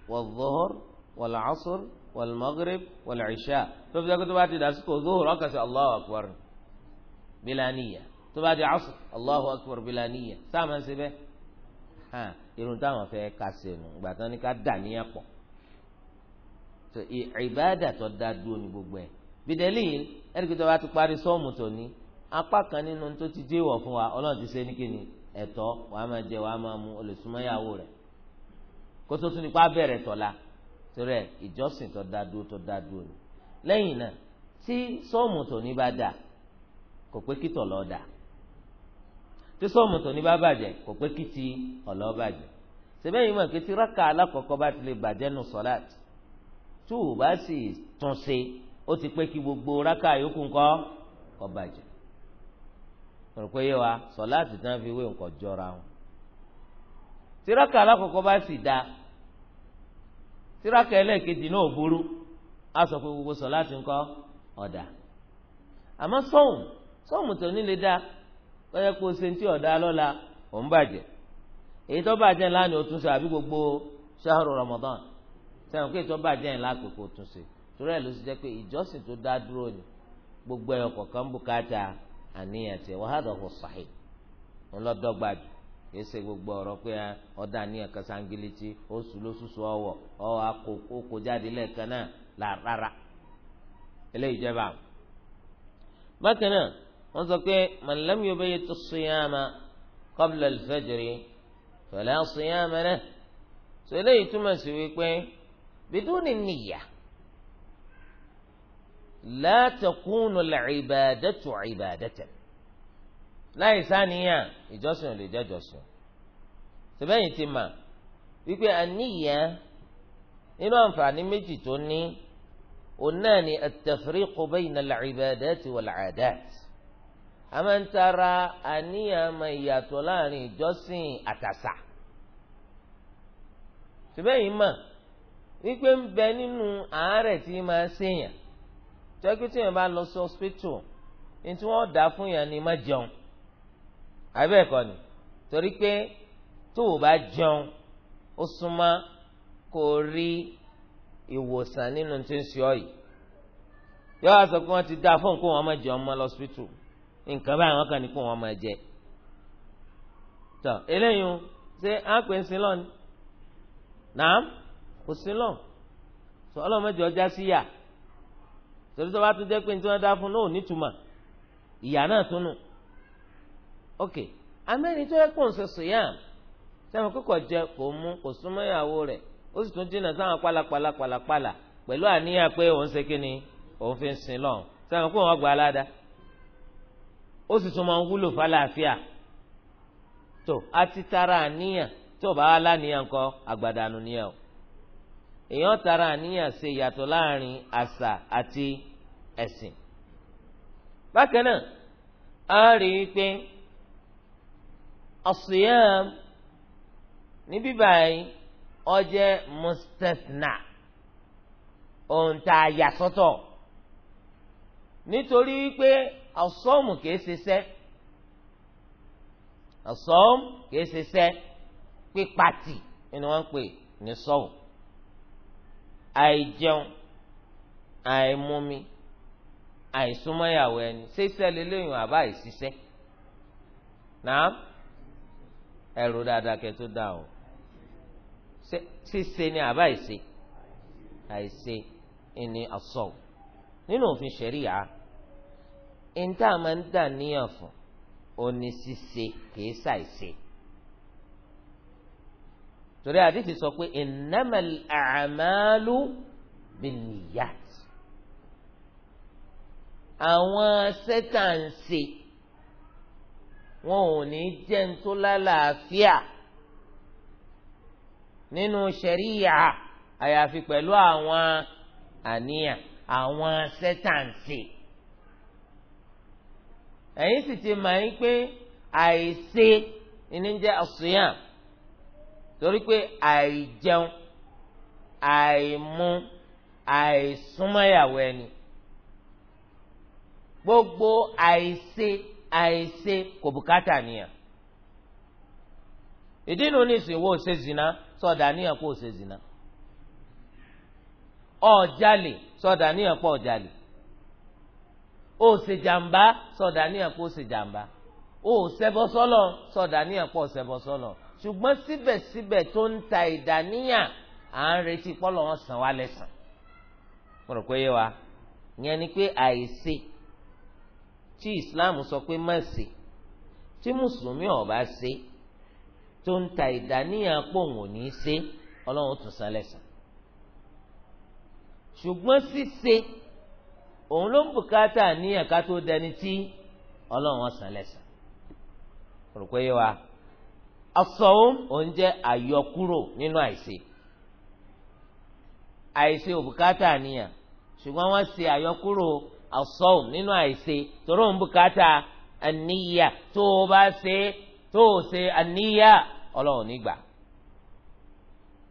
wal-zuhur wal-asr wal-maghrib wal-isha tó fi dẹ́kun tó bá ti dàsìkò zuhur ọkàn sí Allahu akbar bilaniya tó bá di asr Allahu akbar bilaniya sáà máa ń ṣe eh? bẹ́ẹ̀ hàn irun táwọn fẹ́ ka ṣe nù ìgbà tán ni ká dà níyà pọ̀ tó ìbáàdà tó dá dúró ní gbogbo ẹ̀ bìdẹ́lì yìí ẹ̀ríkì tó bá ti parí sọ́ọ̀mù tòní apá kan nínú tó ti dé wọ̀ fún wa ọlọ́run ti ṣe ní kíni ẹ̀tọ́ wàá máa jẹ wàá máa mu olùsúnmọ́yàwó rẹ̀ kótó tún nípa bẹ̀rẹ̀ tọ̀la torí ẹ̀ ìjọsìn tó dá dúró tó dá dúró ni lẹ́yìn náà tí sọ́ọ̀mù tòní bá dà kò pé kí tọ̀lọ́ dà tí sọ́ọ̀mù tòní bá bàjẹ́ kò pé kí ti ọ̀lọ́ bàjẹ́ sẹ́bẹ̀yìn mọ̀ kí tí rákà alákọ̀ọ́kọ́ bá ti lè bàjẹ́ nù sọ́láàtì tó o bá sì tún ṣe ó ti pé kí gbogbo rákà yòókù ńkọ́ kó bàjẹ́ rò pé wa sọ́láàtì tán fi wé nǹkan jọra wọn tí alákọ̀ọ́kọ́ bá sì dáa tíráka ẹlẹ́ẹ̀kejì náà ò burú a sọ pé gbogbo sọ̀láàtì ńkọ́ ọ̀dà àmọ́ sọ́hùn sọ́hùn tó nílé dá lọ́yẹ́ pé o ṣe ti ọ̀dà lọ́la ò ń bàjẹ́ èyí tó bàjẹ́ ńlá ni o tún ṣe Ramadan sẹ́wọ̀n pé èyí tó bàjẹ́ ńlá pé kò tún ṣe torí ẹ̀ ló ṣe jẹ́ pé gbogbo bùkátà àníyàn tiẹ̀ wàhálà ọ̀hún ńlọ́dọ́gbàjù kìí ṣe gbogbo ọ̀rọ̀ pé ọ̀dà ah, ní ẹ̀ka sangilitì oṣù lóṣooṣù ọwọ̀ ọwọ́ akókò jáde lẹ́ẹ̀kan náà là rárá eléyìí jẹba. bákan náà wọ́n sọ pé man lam yubayyitu siyama qabla al-fajri fala siyama lahu sọ eléyìí túmọ̀ sí wípé biduni niyya la takunu al-ibadatu láì sáníyàn ìjọsìn ò lè jẹ́ jọsìn sẹ́bẹ̀yìn ti mà wípé àníyàn nínú àǹfààní méjì tó ní òun náà ni at-tafriqu bayna al-ibadati wal-'adat a máa ń tara àníyàn máa yàtọ̀ láàrin ìjọsìn àtàṣà sẹ́bẹ̀yìn mà wípé ń bẹ nínú àárẹ̀ tí máa ṣèyàn jẹ́ pé tí yẹn bá lọ sí hospital ní tí wọ́n dá fún yẹn ni má jẹun abẹ́ẹ̀kọ́ ni torí pé tó o bá jẹun ó súnmọ́ kó o rí ìwòsàn nínú tí ń sọ yìí yọ àṣọ pé wọ́n ti dá fóun kó wọn máa jẹun mọ́ lọ́sítù nǹkan báyìí wọ́n kàn ní kó wọn máa jẹ tọ eléyìí ṣé à ń pè ń sin lọ́ni náà kò sin lọ́n sọ ọlọ́mọdé ọjà sí yà torí tó bá tún jẹ́ pé ní tí wọ́n dá fún un náà ò nítumọ̀ ìyá náà tún nù ok amẹ́ni tó yẹ kó ń sọ̀sọ̀ yá sẹ́wọ̀n kíkọ̀ jẹ kò mú kò súnmọ́ ìyàwó rẹ̀ ó sì tún jìnnà sáwọn pálapàla pàlapàla pẹ̀lú àníyàn pé òun ṣe kíni òun fi ń sin lọ́hùn sẹ́wọ̀n kó wọn gba aládàá ó sì tún máa ń wúlò fálàáfíà tó a ti tara àníyàn tó bá wà láníyàn kọ àgbàdànù nìyẹn o èèyàn tara àníyàn ṣe yàtọ̀ láàrin àṣà àti ẹ̀sìn bákan náà a rí i pé. asiyam níbí báyìí ó jẹ́ mustasna ohun tá a yà pe nítorí wípé asọ́ọ̀mù kìí ṣiṣẹ́ asọ́ọ̀mù kìí ṣiṣẹ́ pípatì ni wọ́n ń pè ní sọ́ọ̀mù ẹrù dáadáa kẹ tó dà o ṣíṣe ni àbá ìṣe àìṣe ìní àṣọ nínú òfin ṣẹ̀ríyà ìntà máa ń dà níyàn fún òní ṣíṣe kìí ṣàìṣe torí àdìsí sọ pé innamal a'malu binniyat àwọn sẹ́tàǹsì wọn ò ní jẹ́ ń tó lálàáfíà nínú ṣẹ̀ríyà àyàfi pẹ̀lú àwọn àníyàn àwọn sẹ́tàǹsì ẹ̀yin sì ti mọ̀ yín pé àìsè ní jẹ́ àṣùyàn torí pé àìjẹun àìmu àìsúnmọ́yàwó ẹni gbogbo àìsè àìṣe kò bùkátà nìyẹn ìdí inú nísìn wo ṣe zina sọdà níyàn kó ṣe zina ọ̀jalè sọdà níyàn pọ̀ ọ̀jalè ó ṣe jàmbá sọdà níyàn kó ṣe jàmbá ó ṣẹbọ sọlọ sọdà níyàn pọ̀ ṣẹbọ sọlọ ṣùgbọ́n síbẹ̀síbẹ̀ tó ń ta ìdàníyàn à ń retí pọ́lọ́ wọn sàn wá lẹ́sàn. mo rò pé yé wa ìyẹn ni pé àìṣe tí islam sọ pé má ṣe tí mùsùlùmí ò bá ṣe tó ń ta ìdáníyàn pòun ò ní ṣe ọlọ́run tún san lẹ́sàn ṣùgbọ́n ṣíṣe òun ló ń bùkátà níyàn ká tó dẹni tí ọlọ́run san lẹ́sàn rò pé yé asọ̀hún òun jẹ́ àyọkúrò nínú àìṣe àìṣe òbùkátà níyàn ṣùgbọ́n wọ́n ṣe àyọkúrò asọ́ọ̀ nínú àìṣe tòró ń bùkátà àníyà tó o bá ṣe tó o ṣe àníyà ọlọ́run nígbà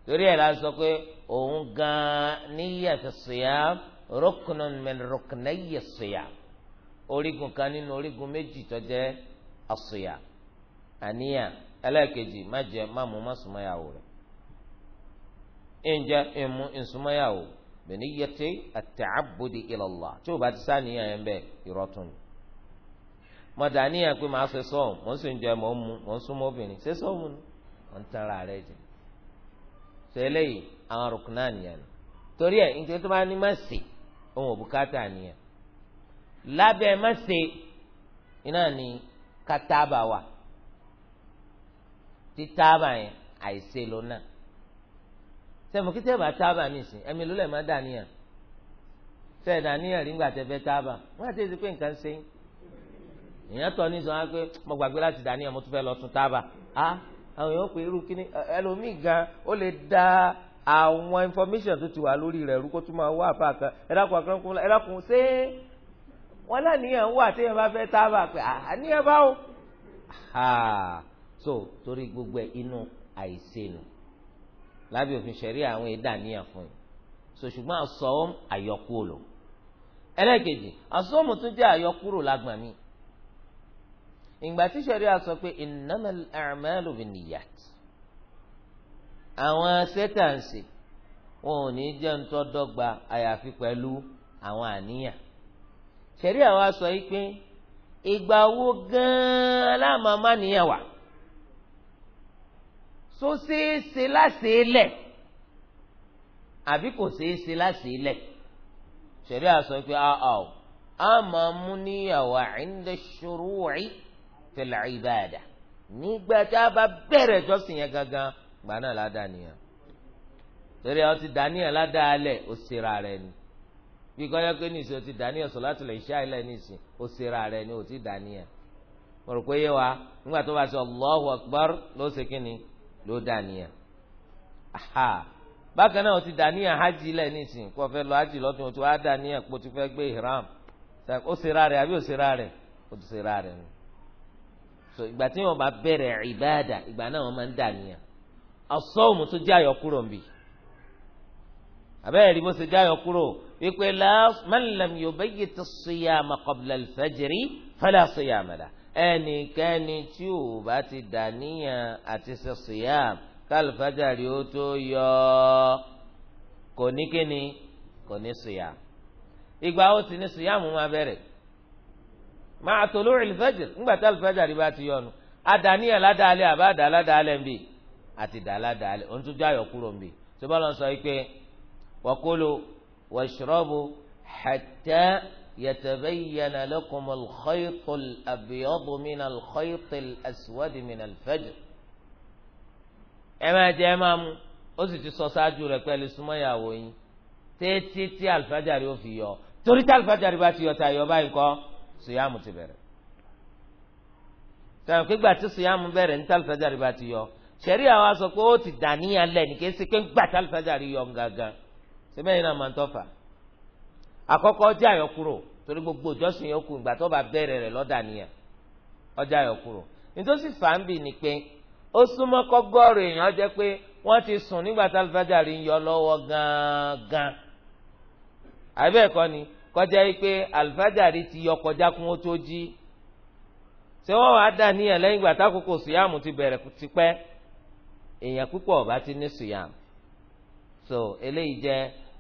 torí ẹ̀ la sọ pé òun gan-an níyà ti siyam rukunun min rukunayya siyam orígun kan nínú orígun méjì tó jẹ́ as-siyam àníyà ẹlẹ́ẹ̀kejì má jẹ má mú má súnmọ́ yàwó rẹ̀ ǹjẹ́ ìmú ìsúnmọ́ yàwó rẹ̀ bẹ̀níyẹtẹ àtàbùdì ìlọ̀lá tí o bá ti sáníyàn yẹn bẹ́ẹ̀ ìrọ̀tún ni. mo dàníyàn pé màá fẹ́ sọ́ọ̀mù mò ń sì ń jẹ mò ń mu mò ń súnmọ́ obìnrin ṣé sọ́ọ̀mù ni wọ́n ń tan ara rẹ̀ jẹ. sọ eléyìí àwọn rukuna nìyẹn torí ẹ̀ nítorí tó bá ní má ṣe ohun òbúkátà nìyẹn. lábẹ́ má ṣe iná ni kátàbà wà títábà yẹn àìṣe lónà sẹ́mu kí tẹ́ẹ̀bà tábà nìsín ẹ̀mí ló lẹ̀ má dàníyàn tẹ́ẹ̀ dàníyàn rí ńgbà tẹ́fẹ́ tábà wọ́n ti ṣe pé nǹkan ṣe èèyàn tọ́ ní sọ wá pé mo gbàgbé láti dàníyàn mo tún fẹ́ lọ tún tábà á àwọn èèyàn pé irú kíní ẹlòmíì gan ó lè da àwọn information tó ti wà lórí rẹ̀ rú kó tún máa wá àpá kan ẹ̀dàkùn akẹ́kọ̀ọ́ ẹ̀dàkùn ṣé wọ́n láníyàn wà téèyàn bá fẹ́ tábà pé àníyàn báwo. so torí gbogbo ẹ̀ inú àìsèlú lábẹ́ òfin ṣẹ̀rí àwọn èdè àníyàn fún yìí so ṣùgbọ́n asọ́wọ́m àyọkúrò lò ẹlẹ́ẹ̀kejì asọ́wọ́m tún jẹ́ àyọkúrò lágbà mí ìgbà tí ṣẹ̀rí a sọ pé innamal a'malu binniyat àwọn sẹ́tàǹsì wọn ò ní jẹ́ ń tọ́ dọ́gba àyàfi pẹ̀lú àwọn àníyàn ṣẹ̀rí àwa sọ yìí pé ìgbà wo gan-an láàmú amáníyàn wà. so seese láṣẹ lẹ̀ àbí kò ṣeéṣe láṣẹ lẹ̀ ṣẹ̀rí àṣọ pé àà a máa mú níyàwó nígbà tá a bá bẹ̀rẹ̀ jọ́sìn yẹn gangan náà ládàá nìyẹn torí ti dàníyàn ládàá lẹ̀ ó ṣera rẹ̀ ni bí kọ́yọ́ pé nìsín o ti dàníyàn sọ̀láàtù lè ṣe àìlẹ̀ nìsín ó ṣera rẹ̀ ni ó ti dàníyàn mo rò pé yé wa nígbà tó bá ló dàníyàn aha bákan náà ti dàníyàn hajj lẹ̀ nísìnyí kó fẹ́ lọ hajj lọ́tún o ti wá dàníyàn pé o ti gbé ihram ó sera rẹ̀ àbí ó sera rẹ̀ ó ti sera rẹ̀ nù so ìgbà tí wọn bá bẹ̀rẹ̀ ìbáàdà ìgbà náà wọn máa ń dàníyàn ọ̀sọ́ọ̀mù tó jẹ́ àyọkúrò ń bì abẹ́rẹ́ rí bó ṣe jẹ́ àyọkúrò wípé man lam yubayyit as-siyama qabla al-fajri fala siyama lah ẹnikẹ́ni tí ò bá ti dà níyàn àti sọ̀sìyà kálífàjárì ó tó yọ kò ní kíni kò ní sùyà ìgbà ó ti ní sùyà mú máa bẹ̀rẹ̀ máa tòló ìlfẹ́jì ńgbà tá ìlfẹ́jì bá ti yọnu àdàníyàn ládàálẹ̀ àbá àdá ládàálẹ̀ ń bì àti dà ó ń tún jáyọ̀ kúrò ń bì tó bá lọ sọ pé wọ́kóló wọ́ṣọ́rọ́bù hatta. يتبين لكم الخيط الأبيض من الخيط الأسود من الفجر. al-aswad min al-fajr. ẹ máa jẹ ẹ máa mu ó sì ti sọ ṣáájú rẹ̀ pẹ̀lú súnmọ́yàwó yín títí tí alifájàre ó fi yọ torí tí alifájàre bá ti yọ tayọ báyìí kọ́ sùyàmù ti bẹ̀rẹ̀. sọ̀rọ̀ pígbà tí sùyàmù bẹ̀rẹ̀ ní tí alifájàre bá ti yọ sẹ̀rí àwa sọ pé ó ti dàníyàn lẹ̀ kí ẹ ṣe pé ń gbà tí alifájàre yọ gangan ṣe bẹ́ẹ̀ ni ń tọ́fà. àkọ́kọ́ jẹ́ àyọkúrò torí gbogbo ìjọsìn yòókù ìgbà tó bá bẹ̀rẹ̀ rẹ̀ lọ́dà nìyẹn ọjà àyọkúrò nítòsí fàǹbì ni pé ó súnmọ́ kọ́gọ́rù èèyàn jẹ́ pé wọ́n ti sùn nígbà tá alifájàrí ń yọ lọ́wọ́ gángan àbẹ́ẹ̀kọ́ ni kọjá yìí pé ti yọ kọjá kún ó tó jí ṣé wọ́n wàá dà níyàn lẹ́yìn ìgbà tákòókò sùyàmù ti bẹ̀rẹ̀ tipẹ́ èèyàn púpọ̀ ọ̀bá so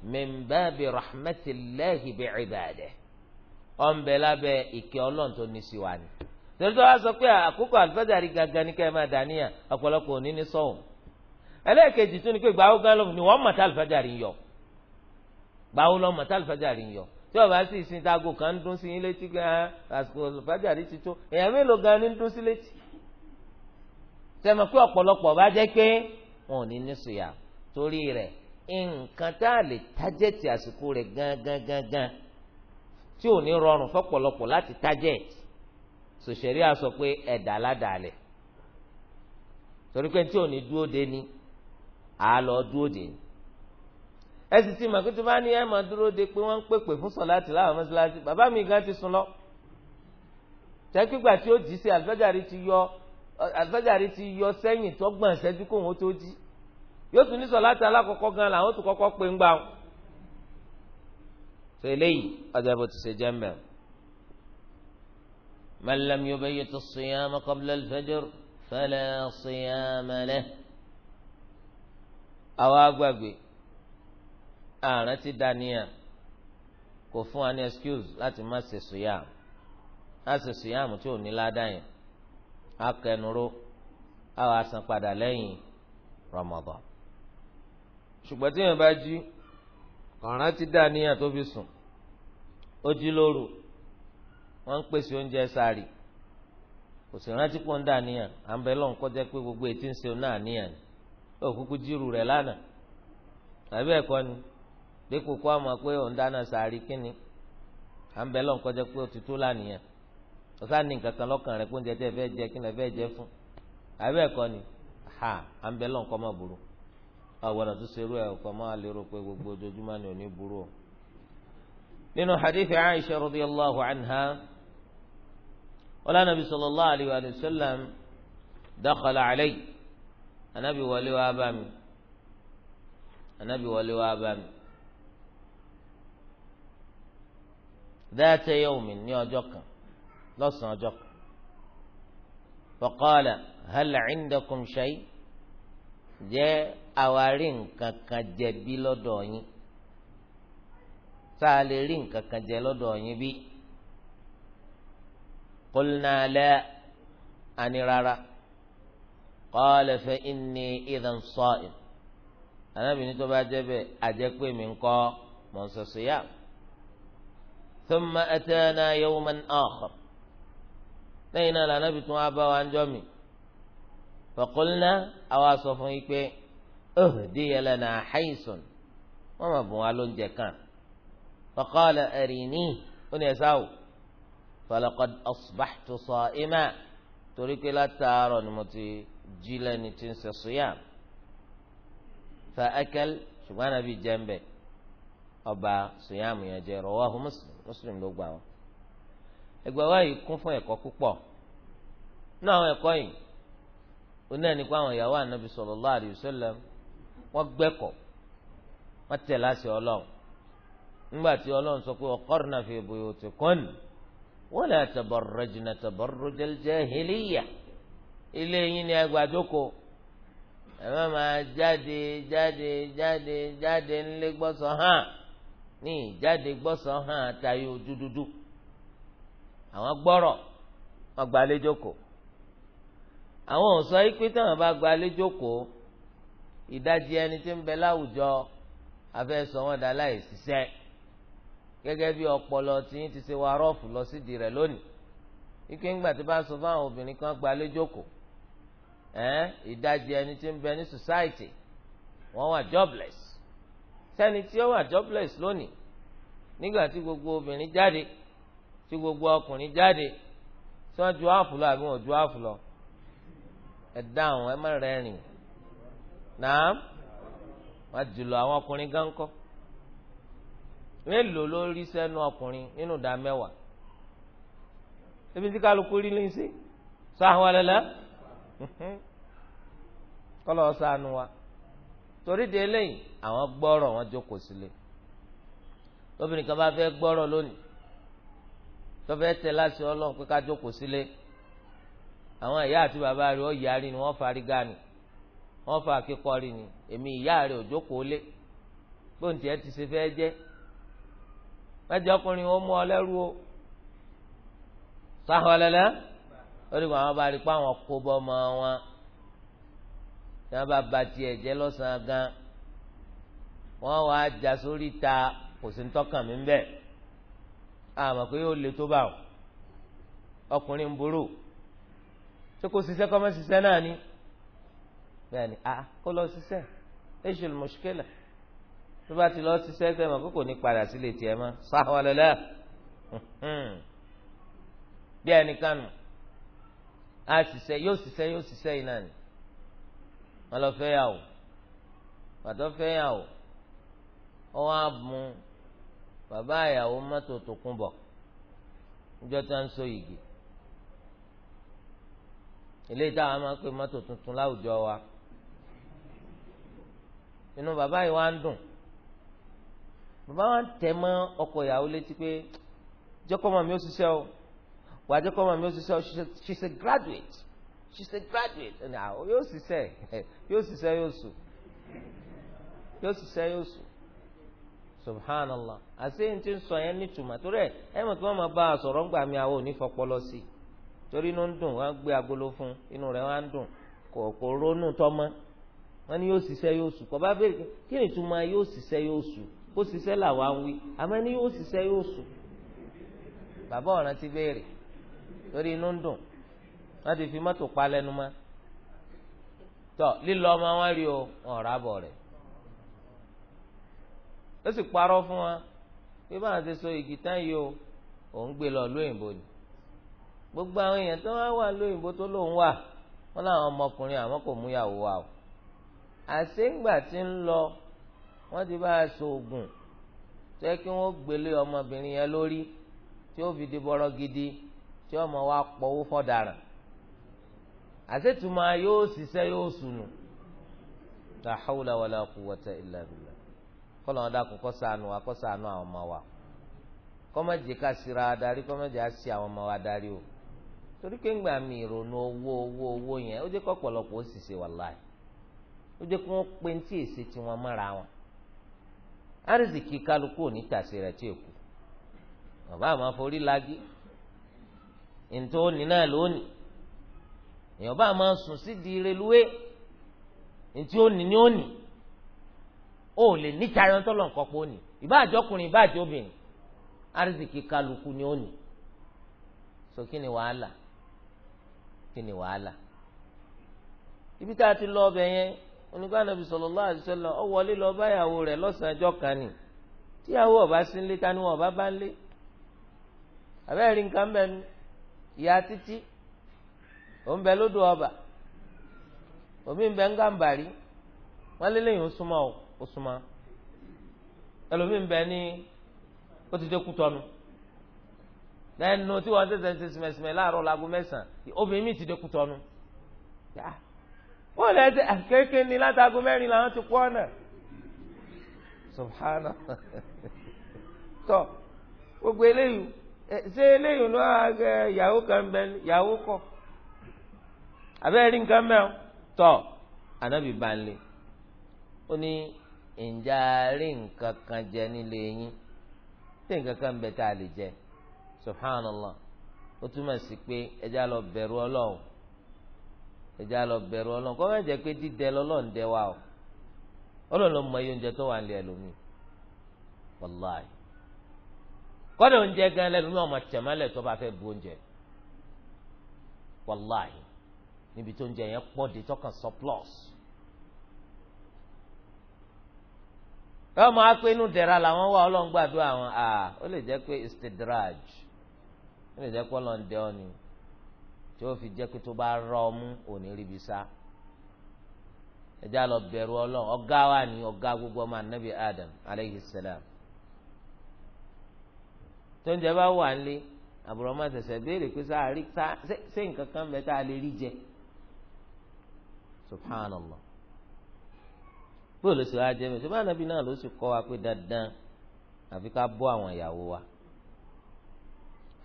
min babi rahmatillahi bi ibadihi ọ̀nbẹ lábẹ́ ìkẹ́ ọlọ́run tó ní sí wa wa sọ pé àkókò àlùfáàdàrí gangan ní kẹ́hìn máa dàníyà ọ̀pọ̀lọpọ̀ òní ní sọ̀hún. ni pé gbàwó gan ni wọ́n mọ̀ tá àlùfáàdàrí ń yọ. gbàwó lọ́mù mọ̀ tá àlùfáàdàrí ń sì sin tago kan dún sí yín létí gan àsìkò àlùfáàdàrí ti tó èèyàn mélòó gan dún sí pé bá pé wọn ò ní ní nǹkan tá a lè tájẹ̀tì àsìkò rẹ̀ gangan gangan tí ò ní rọrùn fọ́pọ̀lọpọ̀ láti tájẹ̀tì sòṣèré a sọ pé ẹ̀dá aládàálẹ̀ torí pé tí ò ní dúró de ni à dúró de ni ẹ sì ti mọ̀ pé tí bá ní ẹ̀ máa dúró de pé wọ́n ń pèpè fún sọ̀láàtì láwọn mọ́sálásí bàbá mi gan ti sùn lọ tẹ́kígbà tí ó jí sí àlùfájàrí ti yọ àlùfájàrí ti yọ sẹ́yìn tọ́gbọ̀n ìṣẹ́jú kóhun ó tó jí yóò tún ní sọláàtì alákọ̀ọ́kọ́ gan làwọn tún kọ́kọ́ pé ń gbà wọn. sọ eléyìí ọjà bó ti ṣe jẹ́ mbẹ́. man lam yubayyit as-siyam qabla al-fajr fala siyam lah. àwa agbàgbé àrùn ti dàníyàn kò fún wa ní excuse láti má ṣe sùyàm má ṣe sùyàm tí ò ní ládàá akẹnuró àwọn asan padà lẹ́yìn Ramadan. ṣùgbọ́n tí ji bá jí ọ̀ràn ti dá níyàn tó fi sùn ó jí lóru wọ́n ń pèsè oúnjẹ sáré kò sì rántí pọ̀ gbogbo ètí ń ṣe náà ni ó kúkú jírù rẹ̀ lánàá ẹ̀kọ́ ni dípò kó àmọ́ pé òun dáná sáré kínni à ń bẹ lọ́n kọjá pé ó ti tó ní nǹkan kan lọ́kàn rẹ̀ pé oúnjẹ tẹ́ à ń àwọ̀dà tó ṣerú ẹ̀ kọ́ máa lérò pé gbogbo ojoojúmọ́ ni òní burú o. nínú hadith Aisha radiyallahu anha ọlọ́nàbí sallallahu alayhi wa sallam dakhala alay anabi wọlé wa bá anabi wọlé wa bá mi. ذات يوم ní ọjọ́ kan lọ́sàn-án kan فقال هل عندكم شيء jẹ́ àwa rí nǹkan kan jẹ bí lọ́dọ̀ yín tá a lè rí nǹkan kan jẹ lọ́dọ̀ yín bí qulna la àní rárá qala fa inni idhan sa'im anábìíní tó bá jẹ́ bẹ́ẹ̀ àjẹpé mi ń kọ́ mọ̀ ń sọ̀sọ̀ yá thumma atana yawman akhar lẹ́yìn náà lànà bìtún wá ń jọ́ mi fa qulna àwa sọ pé ihdiya lana haysun wọ́n máa bùn wá lóúnjẹ kan faqala arini ó ní ẹ̀sà o falaqad asbahtu sa'ima torí pé látàárọ̀ ni mo ti jí lẹ́ni tí ń ṣe siyam fa akal ṣùgbọ́n àbí jẹ́ńbẹ̀ ọba siyam yẹn jẹ́ rawahu Muslim Muslim ló gbà wọ́n ẹgbẹ́ wa yìí kún fún ẹ̀kọ́ púpọ̀ náà àwọn ẹ̀kọ́ yìí ó náà nípa àwọn ìyàwó ànábi sallallahu alaihi wasallam wọ́n gbẹ́kọ̀ wọ́n tẹ̀ láṣẹ ọlọ́run nígbà tí ọlọ́run sọ pé ọkọ́rùnà fi buyutikunn wala tabarrajna tabarrujal jahiliyya ilé yín ni agbàdókò ẹ má máa jáde jáde jáde jáde ńlẹ gbọ́sọ̀ hàn ní ìjáde gbọ́sọ̀ hàn àtayọ ojú dúdú àwọn gbọ́rọ̀ wọn gba kò àwọn ò sọ ikú táwọn bá gba kò ìdajì ẹni tí ń bẹ láwùjọ afẹ́sọ̀ wọn dá láì ṣiṣẹ́ gẹ́gẹ́ bí ọpọlọ tí yín ti ṣe wa rọ́ọ̀fù lọ sídìí rẹ̀ lónìí ike ńgbà tí bá sọ fáwọn obìnrin kan gba léjókòó ẹ̀ẹ́n ìdajì ẹni tí ń bẹ ní society wọ́n wà jobless sẹ́ni tí ó wà jobless lónìí nígbà tí gbogbo obìnrin jáde tí gbogbo ọkùnrin jáde tí wọ́n ju áàfù lọ àbí wọ́n ju áàfù ẹ̀ dáhùn ẹ má rẹ́rìn-ín naam wọn jùlọ àwọn ọkùnrin gan kọ mélòó ló rí sẹ́nu ọkùnrin nínú ìdá mẹ́wàá ebi tí kálukú rí ní sí sáhùn alẹ́lẹ́ kọ́lọ́ sànù wa torí de eléyìí àwọn gbọ́rọ̀ wọn jókòó sílẹ̀ lóbìnrin kan bá fẹ́ gbọ́rọ̀ lónìí tó fẹ́ tẹ̀ láti ọlọ́run pé ká jókòó sílẹ̀ àwọn ìyá àti bàbá rẹ̀ ó yarí ni wọ́n fariga wọ́n fa àkíkọrí ni èmi ìyá rẹ̀ òjókòó lé gbóǹtì ẹ ti ṣe fẹ́ jẹ́ mẹ́jọ ọkùnrin ó mú ọ lẹ́rú o sáwọn lẹ́lẹ́ ó dìgbà àwọn bá rí i àwọn kó bọ́ ọmọ wọn tí wọ́n bá ba tiẹ̀ jẹ́ lọ́sàn-án gan wọ́n wàá já sórí ta kò sí ń tọ́kàn mí bẹ́ẹ̀ àmọ́ pé ó le tó bá ọ ọkùnrin ń burú tí kò ṣiṣẹ́ kọ́ mọ́ ṣiṣẹ́ náà ni bẹ́ẹ̀ ni a kó lọ ṣiṣẹ́ eṣù mọṣúkẹlẹ tó bá ti lọ ṣiṣẹ́ pé màá kókò ní padà sílé tiẹ̀ mọ́ sáwọlẹlẹ bí ẹnìkan nù a ṣiṣẹ́ yóò ṣiṣẹ́ yóò ṣiṣẹ́ yìí náà ni wọn lọ fẹ́ yà o pàtó fẹ́ yà o ó wá mú bàbá àyàwó mọ́tò tó kún bọ̀ níjọ́ tí wọ́n ń so yìí ilé ìta máa ń pè mọ́tò tuntun láwùjọ wa inú bàbá yìí wá ń dùn bàbá wa ń tẹ̀ mọ́ ọkọ ìyàwó létí pé mi ó ṣiṣẹ́ o wà á mi ó ṣiṣẹ́ o she is graduate she is graduate yóò ṣiṣẹ́ yóò ṣiṣẹ́ yóò sùn yóò ṣiṣẹ́ yóò sùn subhanallah àti tí ń sọ yẹn nítumọ̀ torí ẹ e mọ̀ kí wọ́n máa a sọ̀rọ̀ mi àwọn òní fọpọlọ sí i torí inú ń dùn agolo fún inú rẹ̀ wọ́n á ń dùn kò wọ́n ní yóò ṣiṣẹ́ yóò sùn kọ́ bá béèrè kí ni ìtumọ̀ yóò ṣiṣẹ́ yóò sùn kó ṣiṣẹ́ làwa ń wí àmọ́ ní yóò ṣiṣẹ́ yóò sùn bàbá ọ̀ràn ti béèrè lórí inú ń dùn wọ́n ti fi mọ́tò pa lẹ́nu mọ́ tọ́ lílọ ọmọ wọn rí o ọ̀rá bọ̀ rẹ̀ ó sì parọ́ fún wa pé báwọn ti so igi tán yìí o òun gbé lọ lóyìnbó ni gbogbo àwọn èèyàn tó wá wà lóyìnbó tó lóun wà wọn làwọn ọmọkùnrin àwọn kò múyàwó wa o àṣéǹgbà ti ń lọ wọ́n ti bá a ṣoògùn tó yẹ kí wọ́n gbélé ọmọbìnrin yẹn lórí tí ó fi di bọ́rọ̀ gidi tí ọmọ wa pọ̀wó fọ̀daràn àṣetùmọ̀ yóò ṣiṣẹ́ yóò sùnù la hawla wala quwwata illa billah kọ́lọ̀ wọn wa kó ṣàánú àwọn ọmọ wa ká sira adarí àwọn ọmọ wa o torí mi ìrònú ó jẹ́ kí wọ́n pe ní tí èsì tí wọ́n mọ́ra wọn àrísìkí kálukú ò ní tàsí rẹ̀ tí èkó bàbá àmọ́ forí lagi ntọ́ òní náà lónìí èèyàn bá máa sùn sí di reluwé ntí òní ní òní ó lè níta ẹran tó lọ́nkọ́ pọ̀ òní ìbá àjọkùnrin ìbá àjọbìnrin àrísìkí kálukú ní òní so kí ni wàhálà kí ni wàhálà ibi tá a ti lọ ọbẹ̀ yẹn onígbà nàbì sallallahu alaihi wasallam ọ wọlé lọ báyàwó rẹ̀ lọ́sàn-án ọjọ́ kan ni tíyàwó ọba sí ńlé ta ni wọn ọba bá ńlé àbẹ́rẹ́ rí nǹkan bẹ́ẹ̀ ni ìyá títí òun bẹ lódò ọba òmí ń bẹ ń gàǹbàrí wọn lé lẹ́yìn òsùnmọ́ òsùnmọ́ ẹlòmíín bẹ ní ó ti dé kútọ́nu lẹ́nu tí wọ́n tẹ̀sẹ̀ ń ṣe sìmẹ̀sìmẹ̀ láàárọ̀ láago mẹ́sàn-án obìnrin mi ti dé kútọ́nu yá. wọ́n lè ṣe kéèké ni látago mẹ́rin làwọn ti kú na subhana tọ gbogbo eléyìí ṣé eléyìí ló àgẹ yahoo kan bẹ yahoo kọ abẹ́rẹ́ nǹkan tọ anabi balẹ̀ ó ní ìjà rí nǹkan kan jẹ nílé yín tí nǹkan kan bẹ tá a lè jẹ subhanallah ó túmọ̀ sí pé ẹja lọ bẹ̀rù Ọlọ́run kọ́ bẹ́ẹ̀ jẹ́ pé dídẹ lọ́lọ́run dẹ wa o Ọlọ́run ló mọ iye oúnjẹ tó wà nílé ẹlòmíì wàláì kọ́dọ̀ oúnjẹ gan lẹ́lòmíì ọmọ tẹ̀mọ́lẹ̀ tó bá fẹ́ bu oúnjẹ wàláì níbi tó oúnjẹ yẹn pọ̀ dé tọkàn ọmọ akpé inú dẹ̀ra làwọn wà Ọlọ́run gbàdúrà wọn à ó lè jẹ́ pé istidraj ó lè jẹ́ pé Ọlọ́run dẹ́ ọ ni. tí ó fi jẹ́ pé tó bá rọ ọmú òní ríbi sá ẹjá lọ bẹ̀rù ọlọ́run ọ̀gá wa ni ọ̀gá gbogbo ọmọ anabi adam aleyhi salam tó ń jẹ bá wà ń lé àbúrò ọmọ ṣẹ̀ṣẹ̀ béèrè pé sáà rí ṣé nǹkan kan bẹ tá a lè rí jẹ subhanallah bó ló sì wá jẹ mi ṣùgbọ́n anabi náà ló sì kọ́ wa pé dandan àfi ká bọ́ àwọn ìyàwó wa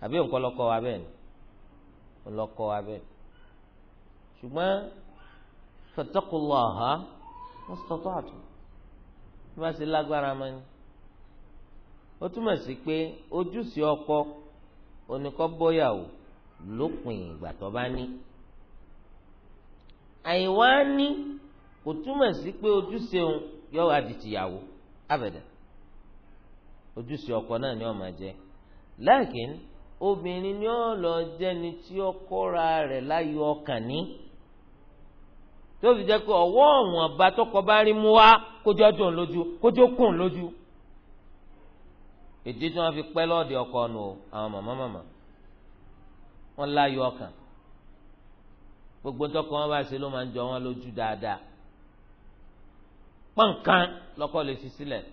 àbí òǹkọ́ wa bẹ́ẹ̀ ni. loko abe cuma fatakullaha mustata'tu ma si lagbara man o tuma si pe oju si oko oni ko boya o lopin igba to ba ni ai wa o tuma si pe oju se un yo adi ti yawo abeda oju si na ni o ma obìnrin ni ó lọ jẹni tí ó kóra rẹ̀ láyọ̀ ọkàn ní tó fi jẹ́ pé ọwọ́ ọ̀wọ́n ọba tọkọ bá rí mú wá kójó dùn lójú kójó kùn lójú èdè tí wọ́n fi pẹ́ lọ́ọ̀dẹ̀ ọkọ nù o àwọn màmá màmá wọ́n láyọ̀ ọkàn gbogbo tọkọ wọn bá ṣe ló máa ń jọ wọn lójú dáadáa pọ̀nkan lọ́kọ lè fi sílẹ̀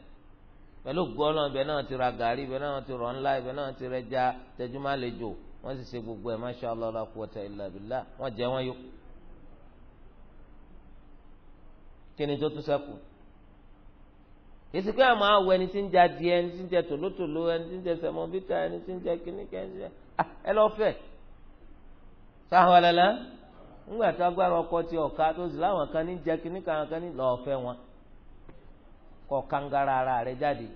pẹ̀lú gbọ́lọ́ ibẹ̀ náà ti ra gàrí ibẹ̀ náà ti rọ̀ ńlá ibẹ̀ náà ti rẹja tẹjúmọ́ àlejò wọ́n sì ṣe gbogbo ẹ̀ masha Allah la quwwata illa billah wọ́n jẹ́ wọ́n yó. kí ni tó tún sẹ́kù ìsìnkú àmọ́ àwọ̀ ẹni tí ń jẹ adìẹ ẹni tí ń jẹ tòlótòló ẹni tí ń jẹ sẹmọ́bítà ẹni tí ń jẹ kìnnìkà ẹni tí ń jẹ ah, ẹ lọ́ọ́ fẹ́ kọ́ kangara ara rẹ jáde.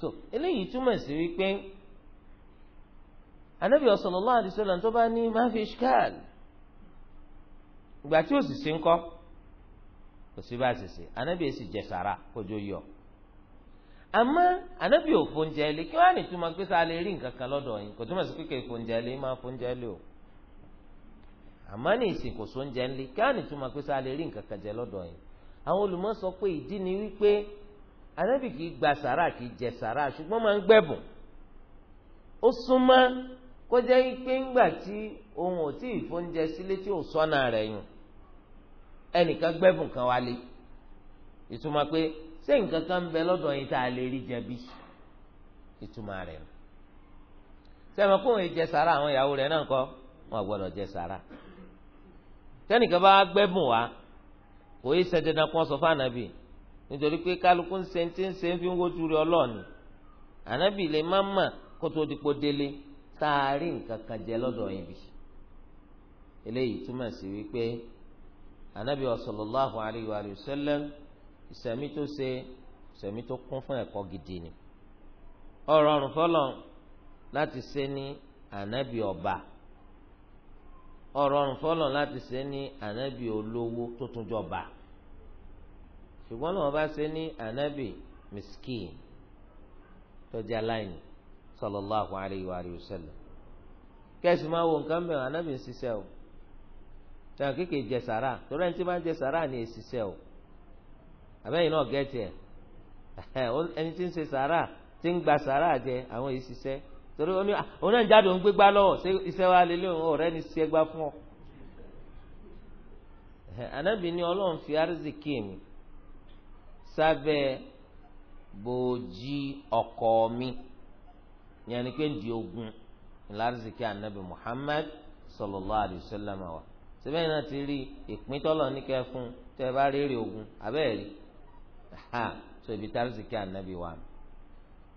so eléyìí túmọ̀ sí wípé anabi sallallahu alaihi wasallam tó bá ní má fi ṣkáàl ìgbà tí ó sì ṣe ń kọ́ kò sí bá a sì ṣe anabi èsì jẹ sàrà kójó yọ àmọ́ anabi ò fóúnjẹ ilé kí wọ́n á nìtúmọ̀ pé sáà lè rí nǹkan kan lọ́dọ̀ yìí kò túmọ̀ sí pé kéè fóúnjẹ ilé máa fóúnjẹ ilé o àmọ́ ní ìsìn kò sóúnjẹ ilé kí wọ́n á nìtúmọ̀ pé sáà lè rí nǹkan kan jẹ lọ́dọ̀ yìí àwọn olùmọ̀ sọ pé ìdí ni wípé anábì kì í gba sàrà kì í jẹ sàrà ṣùgbọ́n máa ń gbẹ̀bùn ó súnmọ́ kó jẹ́ pé ńgbà tí òun ò tí sílé tí ò sọ́nà rẹ̀ yùn ẹnìkan gbẹ̀bùn kan wálé ìtumọ̀ pé ṣé nǹkan kan ń bẹ lọ́dọ̀ tá a lè rí jẹbi ìtumọ̀ rẹ̀ nù sẹ́mi kó òun jẹ sàrà àwọn ìyàwó rẹ̀ náà kọ́ wọn gbọ́dọ̀ jẹ kò yí sẹ́dẹ̀dẹ̀ kan sọ fún ànábì nítorí pé kálukú ń ṣe ti ń ṣe fi ń wojú rẹ ọlọ́ọ̀ni ànábì lè má mà kó tó délé tá a rí nǹkan kan jẹ lọ́dọ̀ yìí bì eléyìí túmọ̀ sí wípé ànábì alayhi ìsẹ̀mí tó fún ẹ̀kọ́ gidi ni ọ̀rọ̀ ọ̀rùn fọlọ́n láti se ní ànábì ọba ọ̀rọ̀rùn fọlọ̀ láti ṣe ní ànábì olówó tó tún jọba ṣùgbọ́n náà wọ́n bá ṣe ní ànábì miskin tó jẹ́ aláìní sallallahu alayhi wa alihi wa sallam kẹ́sì máa wo nǹkan bẹ̀rẹ̀ ànábì ń ṣiṣẹ́ o tẹ̀wọ̀n kékeré jẹ torí ẹni tí máa ń jẹ ni èṣiṣẹ́ o àbẹ́yìn náà gẹ́tì ẹ̀ ẹni tí ń ṣe sàrà tí ń gba sàrà jẹ àwọn èṣiṣẹ́ torí ó ní ah, òun náà jáde òun gbégbá lọ́wọ́ ṣé iṣẹ́ wa lè léwọn ọ̀rẹ́ ni ṣe gbá fún ọ. ànábì ni ọlọ́run fi arzikì mi sábẹ́ bòójì ọkọ mi yẹn ni pé ń di ogun ìlàrzikì ànábì Muhammad sallallahu alayhi wa sallam wa síbẹ̀ náà ti rí ìpín tọ́lọ̀ níkẹ́ fún tẹ́ ẹ bá rírì ogun abẹ́ẹ̀ rí so ibi tárzikì ànábì wa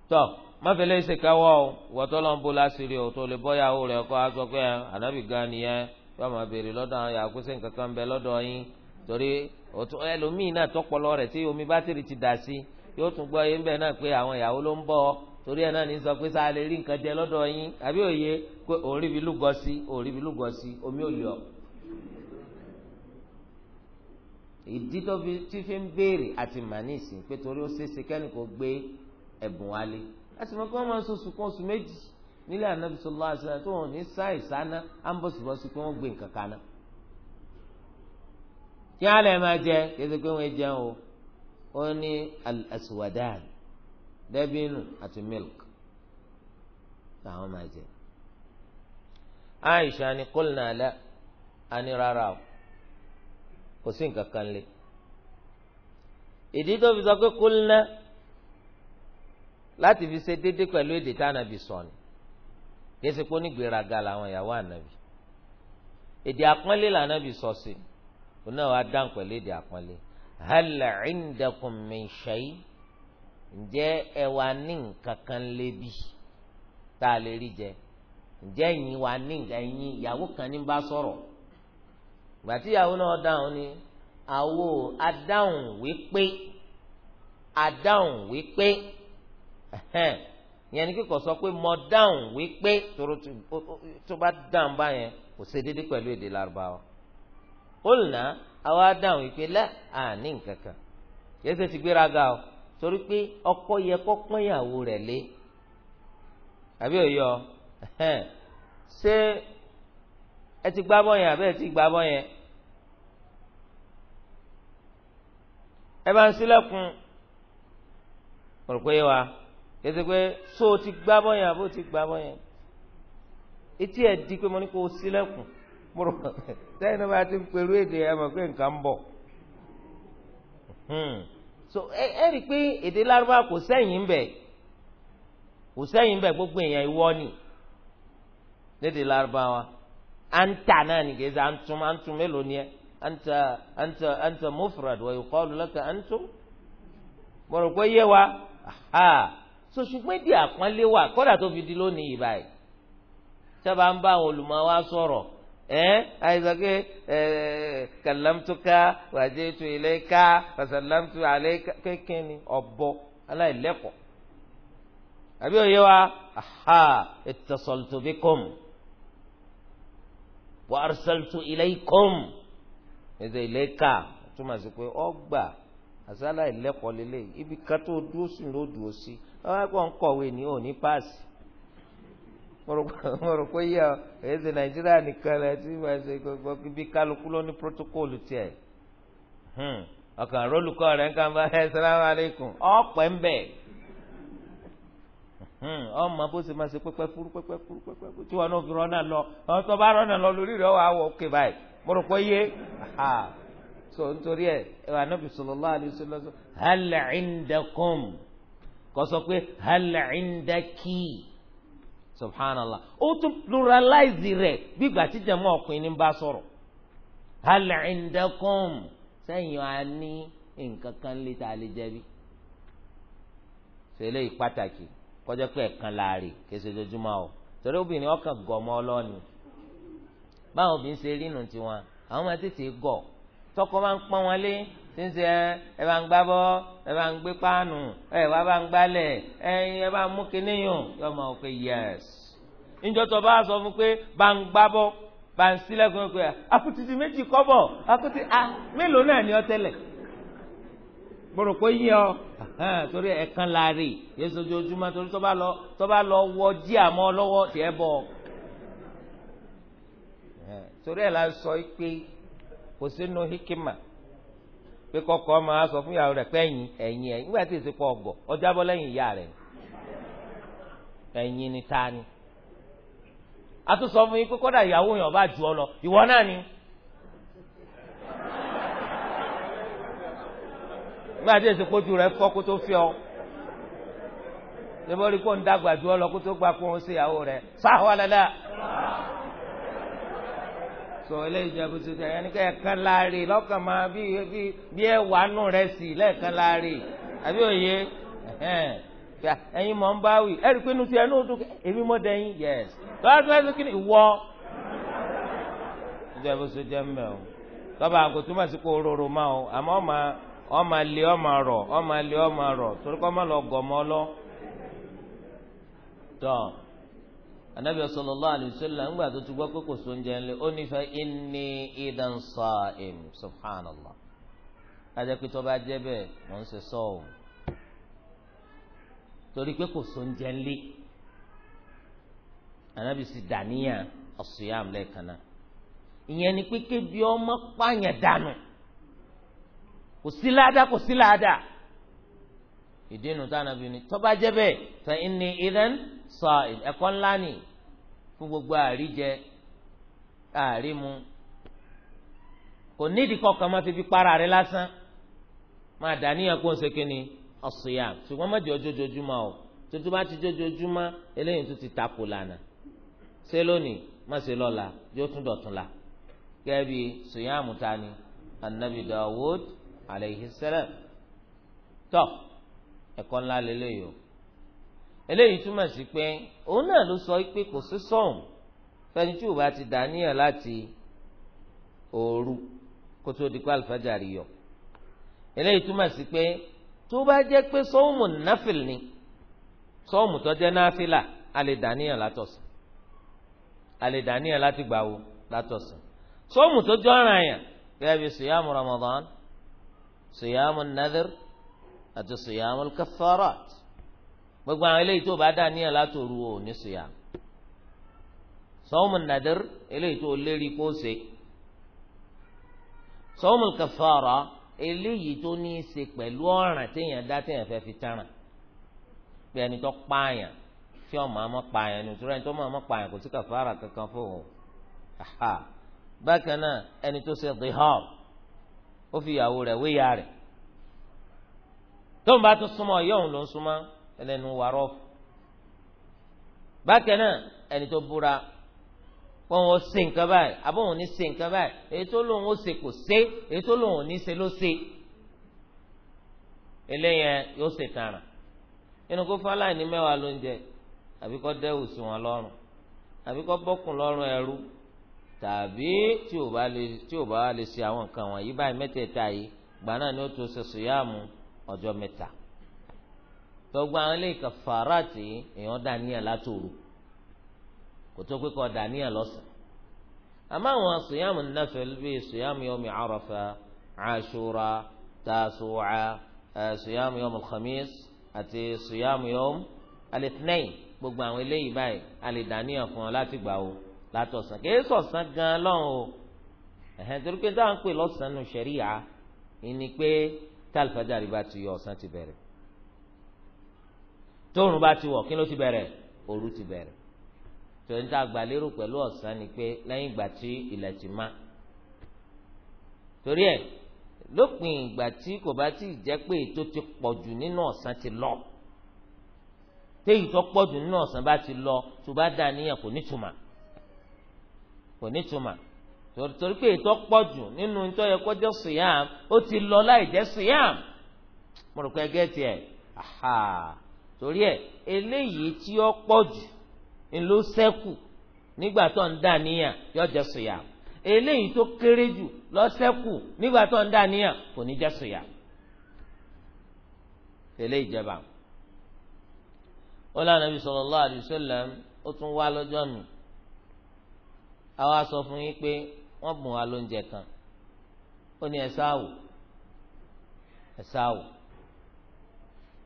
tọ́ mọ́fẹ́lẹ́ ṣe káwọ́ ọ ìwọ́tọ́ lọ́n bó láṣìírí o tó lè bọ́ yàwó rẹ̀ kọ́ a sọ pé ànábì gan nìyẹn bá máa béèrè lọ́dọ̀ àwọn yàrá kúṣe nǹkan kan bẹ lọ́dọ̀ yín torí ẹlòmíì náà tọpọlọ rẹ̀ tí omi bátìrì ti dà sí yóò tún gbọ́ yín bẹ́ẹ̀ náà pé àwọn ìyàwó ló ń bọ̀ torí ẹ̀ náà ní sọ pé sáà lè rí nǹkan jẹ lọ́dọ̀ yín àbí òye pé òórí bi lúgọ a sì mọ̀ pé wọ́n máa ń sọ sùkún oṣù méjì nílẹ̀ anabi sallallahu alaihi wasallam tó wọn ò ní sá ìsáná á ń bọ̀sibọ́sí pé wọ́n gbé nǹkan kaná. kí á lè máa jẹ kéde pé wọ́n jẹun o ó ní al-aswadan àti milk làwọn máa jẹ. Aisha ni qulna la a ní rárá o kò sí nǹkan kan lé. ìdí tó fi sọ pé qulna láti fi ṣe déédéé pẹ̀lú èdè tá ànábì sọ ni kéésì pé onígbèéraga làwọn ìyàwó ànábì èdè àpọ́nlé lànábì sọ sí òun náà wá dáhùn pẹ̀lú èdè àpọ́nlé hal indakum min shay ǹjẹ́ ẹ wà ní nǹkan kan lébi tá a lè rí jẹ ǹjẹ́ ẹ̀yin wà ní nǹkan ẹ̀yin ìyàwó kan ní bá sọ̀rọ̀ gbàtí ìyàwó náà dáhùn ni àwo adáhùn wípé adáhùn wípé yẹn ni kíkọ sọ pé mo dáhùn wípé tó bá dáhùn báyẹn kò ṣe déédéé pẹ̀lú èdè lárúbáwá olùnà àwa dáhùn wípé lá àní nǹkan kan yẹn ṣe ti gbéraga o torí pé ọkọ yẹ kó pọ́n ìyàwó rẹ̀ lé àbí òyọ ṣé ẹ ti gbá bọ́ yẹn àbẹ́ ẹ ti gbá bọ́ yẹn ẹ bá ń sílẹ̀kùn rò pé wa kẹsẹ pé so ti gbá bọyàn àbó ti gbá bọyàn etí ẹ di pé mo ní kó o sílẹ̀kùn mo rò sẹ́yìn náà bá ti ń pẹ̀lú èdè ẹ mọ̀ pé nǹkan ń bọ̀ hmm. so ẹ ẹ rí i pé èdè lárúbá kò sẹ́yìn ń bẹ̀ kò sẹ́yìn ń bẹ̀ gbogbo èèyàn ìwọ ni lédè lárúbáwá anta náà ni kẹsẹ antum antum mélòó ni ẹ anta anta anta mufrad wa yuqalu laka antum mo rò pé yé wa aha so ṣùgbọ́n èdè àpọ́nlé wà kọ́dà tó fi di lónìí yìí báyìí sábà ń bá àwọn olùmọ̀ wa sọ̀rọ̀ ẹ àìsàké ẹ kàlámtúká wàjẹtù ìlẹka fàṣàlámtù àlẹka kékeré ọbọ aláìlẹ́kọ̀ọ́ àbí òye wa aha ittasaltu bikum wa arsaltu ilaykum ẹsẹ ìlẹka túmọ̀ sí pé ọgbà àṣà aláìlẹ́kọ̀ọ́ lélẹ́yìí ibi kan dúró sí ló dúró sí. wọ́n kọ́ ń òní páàsì mo rò pé yíyá èyí nàìjíríà nìkan rẹ tí wọ́n ṣe gbogbo ibi kálukú ló protocol hmm, ọkàn rólùkọ́ rẹ̀ ń bá ẹ sàlámù alaykum ọ̀pẹ̀ ń bẹ̀ hmm, ọmọ bó ṣe máa ṣe pẹ́pẹ́ fúrú pẹ́pẹ́ fúrú pẹ́pẹ́ fúrú tí wọn náà fi lọ bá lọ lórí wà so nítorí ẹ̀ ẹ̀ wà sọlọ kọsọ sọ pé hal indaki subhanallah ó oh, tún pluralize rẹ̀ gbígbà tí jẹmọ ọkùnrin bá sọ̀rọ̀ hal sẹyìn á ní nǹkan kan lè ta lè jẹbi ṣe eléyìí pàtàkì kọjá pé ẹ̀kan láàrè kéṣe lójúmọ́ o torí obìnrin ọkàn gọ̀ọ́mọ́ ọlọ́ọ̀ni báwọn obìnrin ṣe rí nù tiwọn àwọn tètè tọkọ máa ń pọ́n wọn lé sínsẹ ẹ bá ń gbábọ́ ẹ bá ń gbé páànù ẹ wá bá ń gbálẹ̀ ẹ ẹ bá ń mú kíníyàn yọ máa wọ pé yẹs níjọ́ tó bá sọ fún pé bá ń gbábọ́ bá ń sílẹ̀kùn pé akutiti méjì kọ́bọ̀ akuti a mélòó náà ni ọ tẹ́lẹ̀ gbọ́dọ̀ pé yí ọ torí ẹ̀kan láàrè yéésù ojoojúmọ́ torí tó lọ tó lọ wọ jí àmọ́ lọ́wọ́ tiẹ̀ bọ̀ torí ẹ̀ la sọ pé kò sínú hikima pé kọkọ máa sọ fún ìyàwó rẹ pé ẹyin ẹyin ẹ̀yin nígbà ti ọjọ abọ lẹ́yìn ìyá rẹ ẹyin ni ta ni a tún sọ fún yín pé kódà ìyàwó yẹn ọba jù ọ lọ ìwọ náà ni. rẹ fọ́ kó tó fi ọ ṣé kó ń dàgbà jù ọ rẹ sáà wà sọ eléyìí jẹ́ bó ti sọ ẹ̀kan láàrè lọ́kàn máa bí bí nù rẹ̀ sí lẹ́ẹ̀kan láàrè àbí òye ẹ̀yin mọ̀ ń bá wì ẹ̀rí pé ti ẹ̀ dùn èmi mọ̀ dẹ́yìn yẹs lọ́wọ́ bó jẹ́ mbẹ́ rọ̀ ọmọ lé ọmọ rọ̀ torí kọ́ mọ́ lọ lọ. anabi sallallahu alayhi wa sallam ńgbà tó ti gbọ́ pé kò sóúnjẹ ńlẹ̀ ó ní fa inni idan sa'im subhanallah adẹ́pẹ́ tó tọba jẹ́ bẹ́ẹ̀ mò ń ṣe sọ́ọ̀mù torí pé kò sóúnjẹ anabi si dàníyàn as-siyam kana. náà ìyẹn ni pé kébi ọmọ pààyàn dànù kò sí ládàá kò sí ládàá ìdí inú ni inni idan. sa'il ẹ̀kọ́ ńlá ni fún gbogbo àríjẹ àrímu kò nídìí kọkàn máa fi fi para rẹ lásán máa dà níyàn kó ń ṣe kí ni ọ̀sùnyà ṣùgbọ́n má jẹ́ ojoojúmọ́ o tuntun bá ti jojoojúmọ́ eléyìí tún ti takò lànà ṣé lónìí má ṣe lọ́la yóò tún dọ̀tún la gẹ́gẹ́ bí sùnyàmù ni anabi dawud alayhi salam tọ́ ẹ̀kọ́ ńlá lélẹ́yìí o eléyìí túmọ̀ sí pé òun náà ló sọ pé kò sí sọ̀hún fẹ́ni tí ò bá ti dàníyàn láti òru kó tó di pé àlùfájàrí yọ eléyìí túmọ̀ sí pé tó bá jẹ́ pé sọ́ọ̀mù náfìl ni sọ́ọ̀mù tó jẹ́ náfìlà a lè dàníyàn látọ̀sán a lè dàníyàn láti gbà wo látọ̀sán sọ́ọ̀mù tó jọ ọ̀ràn àyàn gẹ́gẹ́ bí sùyàmù Ramadan sùyàmù nadhr àti sùyàmù kafarat gbogbo àwọn eléyìí tó bá dà níyàn látòru ò ní sùyà sọ́wọ́mù nàdìr eléyìí tó lérí kó ṣe sọ́wọ́mù kàfàrà eléyìí tó ní í ṣe pẹ̀lú ọ̀ràn téèyàn dá téèyàn fẹ́ fi tẹ̀ràn bí ẹni tó pààyàn tí ọmọ àmọ́ pààyàn ní ìtura ẹni tó mọ̀ àmọ́ pààyàn kò sí kàfàrà kankan fóun bákan náà ẹni tó ṣe dihar ó fi ìyàwó rẹ̀ wéyà rẹ̀ tó bá tún súnmọ́ yóò ń súnmọ́ ẹlẹ́nu wà rọ́ọ̀fù bákan náà ẹni tó búra wọn ò ṣe nǹkan báyìí abóhùn ní ṣe nǹkan báyìí èyí tó lóun ó ṣe kò ṣe èyí tó lóun ò ní ṣe ló ṣe eléyẹn yóò ṣe tààrà inú kó fáláì ní mẹ́wàá ló ń jẹ àbí kó dẹ́wù sí wọn lọ́rùn àbí kó bọ́kùn lọ́rùn ẹrú tàbí tí ò bá lè tí ò bá lè ṣe àwọn nǹkan wọ̀nyí báyìí mẹ́tẹ̀ẹ̀ta yìí gbà ni ó tó ṣe sùyàmù ọjọ́ mẹ́ta gbogbo àwọn ilé kàfàrà tí èèyàn dàníyàn látòru kò tó pé kọ́ dàníyàn lọ́sàn àmọ́ àwọn sùyàmù nafil bíi sùyàmù yọmi àràfà àṣùrà tàṣùwà eh, sùyàmù yọmi khamis àti sùyàmù yọmi alẹ́tìnẹ́yìn gbogbo àwọn eléyìí báyìí alẹ́ dàníyàn fún ọ láti gbà o látọ̀sán kì í sọ̀sán gan-an lọ́hùn o ẹ̀hẹ́n torí pé dáhùn pé lọ́sàn-án nù ṣẹ̀ríyà ni pé tálífàdà rí bá ti yọ ọ̀sán ti bẹ̀rẹ̀ tóòrùn bá ti wọ̀ kí ló ti bẹ̀rẹ̀ òru ti bẹ̀rẹ̀ tòun tá a gbà lérò pẹ̀lú ọ̀sán ni pé lẹ́yìn ìgbà tí ilẹ̀ ti má torí ẹ̀ lópin ìgbà tí kò bá ti jẹ́ pé ètò ti pọ̀ jù nínú ọ̀sán ti lọ téyì tó pọ̀ nínú ọ̀sán bá ti lọ tó bá dà níyàn kò nítumà kò nítumà torí pé ètò pọ̀ nínú nítorí yẹ kó jẹ́ sùyàm ó ti lọ láì jẹ́ sùyàm mo rò pé gẹ́tì ẹ̀ aha torí ẹ eléyìí tí ó pọ̀ jù ńlọ sẹ́kù nígbà tó ń dà níyàn yóò jẹ́ sùyà eléyìí tó kéré jù lọ sẹ́kù nígbà tó ń dà níyàn kò ní jẹ́ sùyà tẹ̀lé ìjẹba wọ́n lànà bí sallallahu alaihi wasallam ó tún wá lọ́jọ́ mi àwa sọ fún yín pé wọ́n bùn wá lóúnjẹ kan ó ní ẹ sáà wò ẹ sáà wò.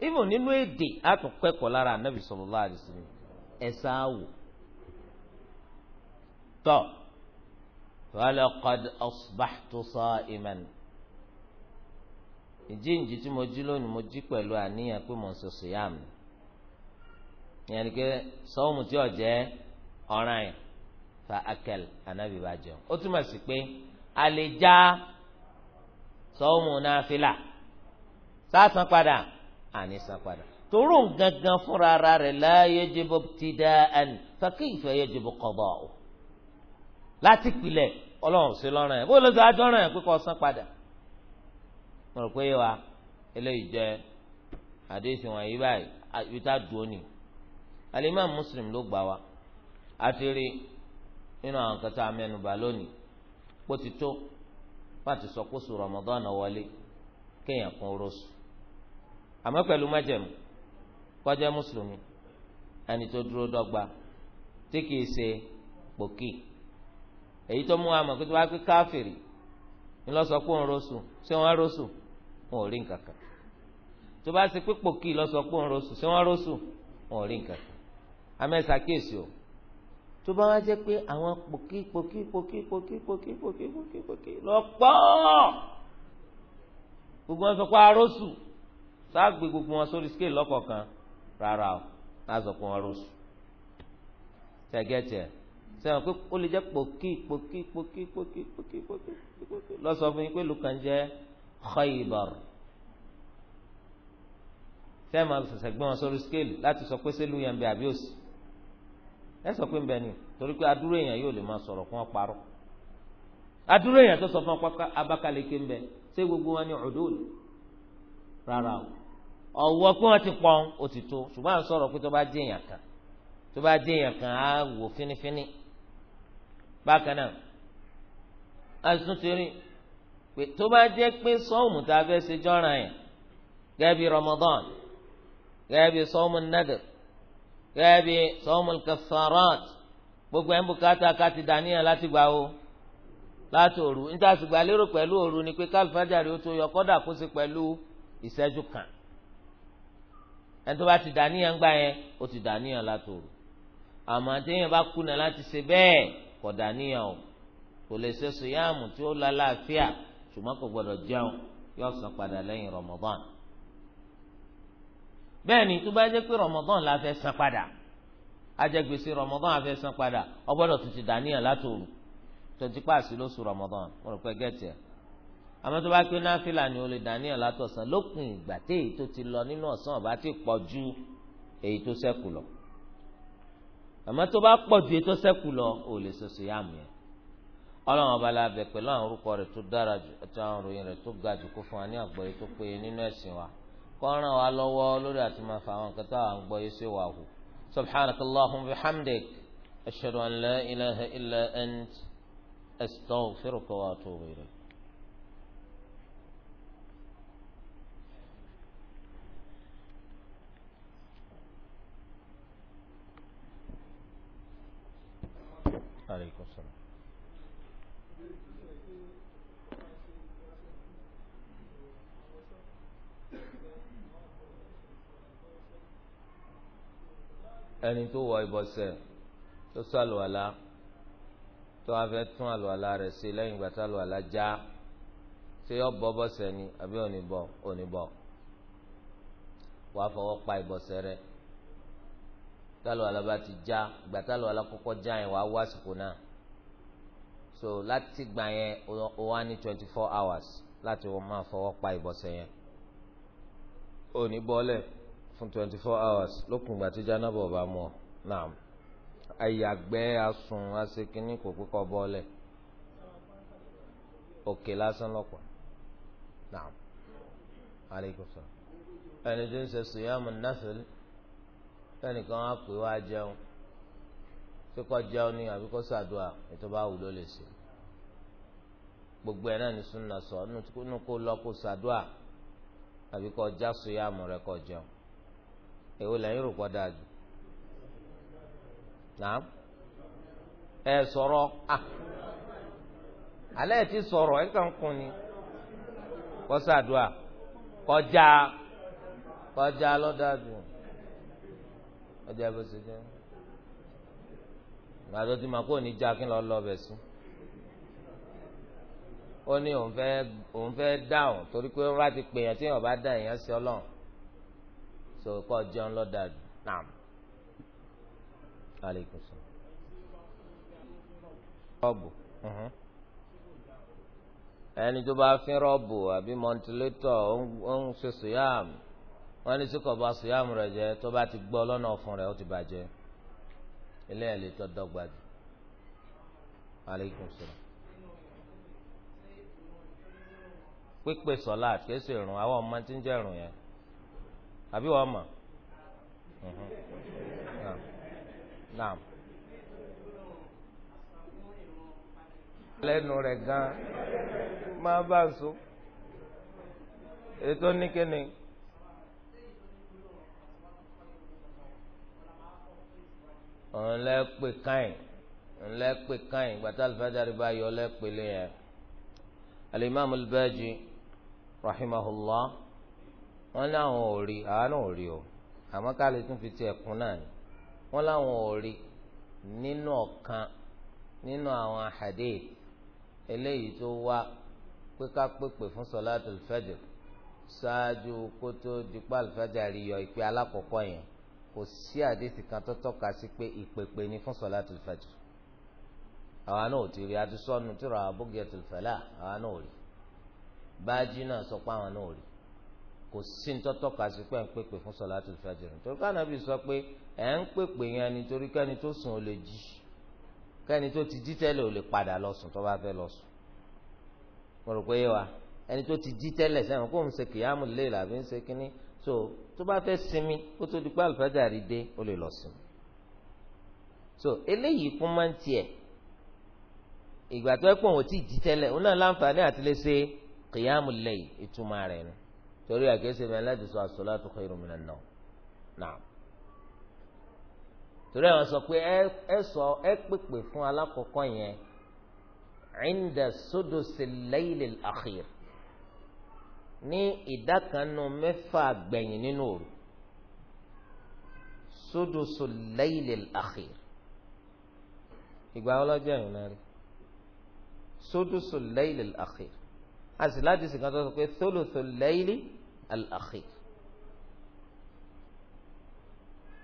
even nínú èdè àtúnkẹ́kọ̀ọ́ lára anabi sallallahu alaihi wasallam ẹ̀sà wò tọ́ walaqad asbahtu sa'iman ìjíǹjì tí mo jí lónìí mo jí pẹ̀lú àníyàn pé mo ń ṣe siyam ìyẹn ni pé sọ́wọ́mù tí ò jẹ́ ọ̀ràn yẹn fa akẹ́l anabi bá jẹun ó túmọ̀ sí pé a já sọ́wọ́mù náà fìlà sáà san padà àní san padà toró gangan fúnra ara rẹ̀ la yajibu ibtida'an fa kayfa yajibu qada'u láti pilẹ̀ ọlọ́run sí lọ́rùn yẹn bó ló sọ àjọràn yẹn pé kó san padà mo rò pé wa eléyìí jẹ àdéhùn wọ̀nyí báyìí ibi tá dùn ó nì alimami muslim ló gbà wá àti rí nínú àwọn kan tá lónìí kó ti tó láti sọ kó sùn Ramadan wọlé kéèyàn kún orósù àmọ́ pẹ̀lú májẹ̀mú kó jẹ́ mùsùlùmí ẹni tó dúró dọ́gba tí kìí ṣe pòkì èyí tó mú àmọ́ pé tó wá pé káfìrì ńlọsọ pé òun rọṣù ṣé wọn rọṣù wọn ò rí nǹkan kan tó bá ṣe pé pòkì lọsọ pé òun rọṣù ṣé wọn rọṣù wọn ò rí nǹkan kan amẹ́sà kíyèsí o tó bá wá jẹ́ pé àwọn pòkì pòkì pòkì pòkì pòkì pòkì pòkì pòkì lọ pọ̀ gbogbo wọn sọ pé arọ́sù sáà gbé gbogbo wọn sórí scale lọ́kọ̀ọ̀kan rárá o láàzọ pé wọn rọṣù tẹ̀gẹ́tẹ̀ sẹ́wọ̀n pé ó lè jẹ́ pòkí pòkí pòkí pòkí pòkí pòkí pòkí lọ́sọ̀ fún yín pé lùkàn jẹ́ Khaybar sẹ́wọ̀n sẹ̀sẹ̀ gbé wọn sórí scale láti sọ pé sẹ́lù yẹn ń bẹ àbí òsì ẹ sọ pé ń bẹ ni torí pé adúrò èèyàn yóò lè máa sọ̀rọ̀ fún ọparọ́ adúrò èèyàn tó sọ fún Abakaliki ń bẹ ṣé gbogbo wọn ni ọ̀dọ́ rárá o ọwụwa pé wọ́n ti pọ́n ó ti tó pé tó bá dé èèyàn kan tó bá dé èèyàn kan á wò fínífíní bákan náà a tún ti rí pé tó bá jẹ́ pé tá a fẹ́ ṣe yẹn gẹ́gẹ́ bí Ramadan gẹ́gẹ́ bí gẹ́gẹ́ bí kafarat gbogbo ẹ̀ ń dàníyàn láti o láti òru níta sì gbà lérò pẹ̀lú òru ni pé ó tó yọ kọ́dà kó kan ẹni tó bá ti dàníyàn gbà yẹn ó ti dàníyàn látòrò àmọ́ àtẹ̀yìn bá kùnà láti ṣe bẹ́ẹ̀ kò dàníyàn o kò lè ṣe sòyàmù tí ó lálàáfíà ṣùgbọ́n kò gbọdọ̀ jẹun yóò san padà lẹ́yìn Ramadan bẹ́ẹ̀ ni tó bá jẹ́ pé Ramadan la fẹ́ san padà ajẹgbèsè Ramadan la fẹ́ san padà ó gbọdọ̀ tún ti dàníyàn látòrò tó ti pàṣẹ lóṣù Ramadan mo rò pé gẹ́tì ẹ̀ àmọ́ tó bá pé náfìlà ni o lè dàníyàn látọ̀sán lópin ìgbà tí èyí tó ti lọ nínú ọ̀sán ọ̀bá ti pọ̀ ju èyí tó sẹ́kù lọ àmọ́ tó bá pọ̀ ju èyí tó sẹ́kù lọ o lè sọ síyàmù yẹn ọlọ́run ọba la bẹ̀ pẹ̀lú àwọn orúkọ rẹ̀ tó dára jù àti àwọn òròyìn rẹ̀ tó ga jù kó fún wa ní àgbọ́yé tó péye nínú ẹ̀sìn wa kó ràn wá lọ́wọ́ lórí àti máa fa àwọn nǹkan tó à ń gbọ́ yé sí wa hù subhanakallahumma bihamdik ashhadu an la ilaha illa ant astaghfiruka wa atubu ilayk. Alaikum salaam. ẹni tó wọ ìbọ̀sẹ̀ tó sọ àlùwàlá tó wàá fẹ́ tún àlùwàlá rẹ̀ sí lẹ́yìn ìgbà tó àlùwàlá já ṣé yọ bọ́ bọ́sẹ̀ ni àbí òní bọ̀ òní bọ̀ wàá fọwọ́ pa ìbọ̀sẹ̀ rẹ̀ tálọ alábá ti já ìgbà tálọ alákọ̀ọ́kọ́ já yẹn wàá wá àsìkò náà so láti gbà yẹn ó wá ní twenty four hours láti wọ́n máa fọwọ́ pa ìbọ̀sẹ̀ yẹn ò ní bọ́lẹ̀ fún twenty four hours lókun ìgbà tí jánábà ọba mú ọ náà ayàgbẹ́ asùn asekinní kò pé kọ́ bọ́lẹ̀ òkè lásán lọ́pọ̀ náà aleykum salaam ẹni tó ń ṣe sùyàmù náfẹ́lẹ́ tẹnìkan á pè wá jẹun tí kò jẹun ni àbí kò ṣàdúrà ètò bá wù ló lè ṣe gbogbo ẹ̀ náà ní súnà sọ nínú kó lọ kó ṣàdúrà àbí kò já sùyàmù rẹ kò jẹun èwo lẹ́yìn rò pọ̀ dáa jù nàá ẹ sọ̀rọ̀ à alẹ́ ti sọ̀rọ̀ ẹ kàn kún ni kò ṣàdúrà kọjá kọjá lọ́dàá jù ọjà bó ṣe jẹ́ gbàdọ́ tí màkó ní já kí n lọ lọ bẹ̀ sí ó ní òun fẹ́ òun fẹ́ dáhùn torí pé wọ́n bá ti pè yàn tí yàn bá dá èèyàn sí ọlọ́run so kọ́ jẹun lọ́dà nàám rọ́ọ̀bù ẹni tó bá fín rọ́ọ̀bù àbí mọ́ńtílétọ̀ ó ń ṣe sùyàmù. wọ́n ní sọ́kọ̀ bá sùyàmù rẹ̀ jẹ́ tó bá ti gbọ́ lọ́nà ọ̀fun rẹ̀ ó ti bàjẹ́ eléyà lè tọ́ dọ́gba jù aleykum salaam. pípé sọlá kéésì ìrùn àwọn ọmọ tí ń jẹ́ ìrùn yẹn àbí wọ́n mọ̀ mhm. naam lẹ́nu rẹ̀ gan máa bá a so ètò níkẹ́ni. òun lẹ́pẹ̀ káyìn òun lẹ́pẹ̀ káyìn gbàtà alifájárì bá yọ lẹ́pẹ̀ lẹ́yìn. alimami albaji rahimahullah wọn láwọn ò rí àánú ò rí o àmọ́ káàlì tún fi tiẹ̀ kún náà ni wọn láwọn ò rí nínú ọ̀kan nínú àwọn hadith eléyìí tó wá pé ká pèpè fún sọláàtù alfajr ṣáájú kótó dípò alifájárì yọ ìpè alákọ̀ọ́kọ́ yẹn kò sí àdéhìí kan tó tọ́ka sí pé ìpèpè ni fún sọlátul fajr àwa náà ò ti rí adúsọ́nù tí ra Bugyatul Falah àwa náà ò rí báàjì náà sọ pé àwọn náà ò rí kò sí ní tọ́tọ́ kà sí pé ẹ̀ ń pèpè fún sọlátul fajr nítorí káwọn náà bí sọ pé ẹ̀ ń pèpè yẹn nítorí kẹ́ni tó sùn ò lè jí kẹ́ni tó ti jí tẹ́lẹ̀ ò lè padà lọ sùn tó bá fẹ́ lọ sùn mo rò pé yé wa ẹni tó ti jí tẹ́lẹ̀ sẹ́wọ̀n kó ń ṣe kìyàmù lé làbí ń ṣe kínní so tó bá fẹ́ sinmi kó tó di pé àlùfáàjárí dé ó lè lọ sinmi so eléyìí kún máa ń tiẹ̀ ìgbà tó ẹ pọ̀ wọ́n ti jí tẹ́lẹ̀ òun náà láǹfààní àti lè ṣe kìyàmù lẹ́yìn ìtumọ̀ rẹ̀ nù torí àkẹ́sẹ̀ mi aláàdì sọ as-salatu khairun minan nawm náà torí àwọn sọ pé ẹ sọ ẹ pèpè fún alákọ̀ọ́kọ́ yẹn inda sudusil layl al-akhir ní ìdákanu mẹ́fà gbẹ̀yìn nínú òru sudusul laylil akhir ìgbà ọlọ́jọ́ ìrìn náà rí sudusul laylil akhir a sì láti sìnkà tó sọ pé thuluthul laylil akhir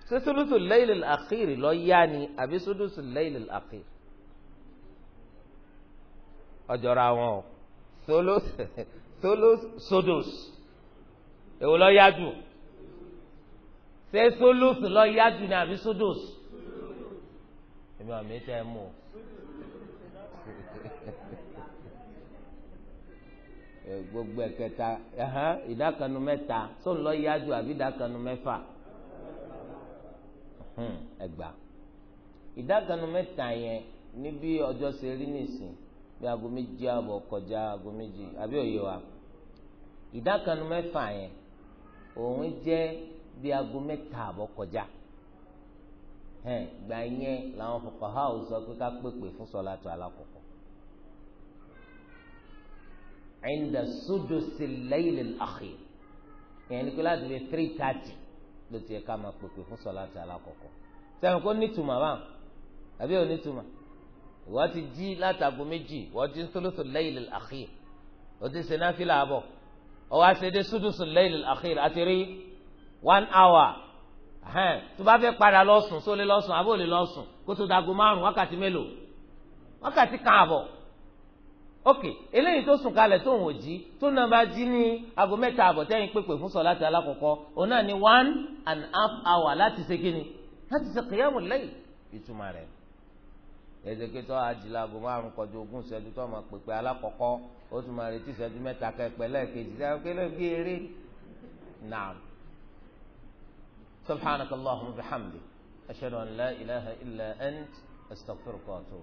ṣé thuluthul laylil akhir lọ yá ni àbí sudusul laylil akhir ọjọ́ra wọn o thuluth solus sodos èwo lọ yájú ṣé solus lọ yájú ni àbí sodos èmi àmì tẹ ẹ mú o eh, gbogbo ẹ̀kẹta ìdákanu mẹ́ta tó ń lọ yájú àbí ìdákanu mẹ́fà hmm, ẹgbàá ìdákanu mẹ́ta yẹn níbi ọjọ́ ṣe rí nìsín bí aago méjì ààbọ̀ kọjá aago méjì àbí òye wa ìdá kanu mẹ́fà yẹn òun jẹ́ bí aago mẹ́ta ààbọ̀ kọjá hẹn gba yẹn làwọn fuqaha sọ pé ká pèpè fún sọlátù alákọ̀ọ́kọ́ inda sudusi layli al-akhir yẹn ni pé láti fi three thirty ló ti yẹ ká máa pèpè fún sọlátù alákọ̀ọ́kọ́ sẹ́wọ̀n kó nítumọ̀ báwọn àbí ò nítumọ̀ ìwọ ti jí látago méjì ìwọ ti ń sọlọsọ lẹ́yìn àkìr o ti ṣe náà fílà àbọ ọwọ àṣẹdẹ sọdọsọ lẹ́yìn àkìr àti rí one hour tó bá fẹ́ padà lọ́sùn sólé lọ́sùn abóòlè lọ́sùn kó tó dago márùn wákàtí mélòó wákàtí kan àbọ̀ ok eléyìí tó sùn kalẹ̀ tó ń wò jí tó náà bá jí ní aago mẹ́ta àbọ̀ tẹ́yìn pépè fún sọ láti alákọ̀ọ́kọ́ òun náà ní one and half hour láti ṣe kíni láti ṣe kìyàmù lẹ́yìn ìtumọ̀ rẹ̀ ni ezeke tó adìlago márùn kọjú ogún ìṣẹ́jú tó máa pèpè alákọ̀ọ́kọ́ ó tún máa retí ìṣẹ́jú mẹ́ta kẹpẹ́ lẹ́ẹ̀kejì sẹ́kẹ́ ló gbé eré naam subhanakallahumma bihamdi ashhadu wa atubu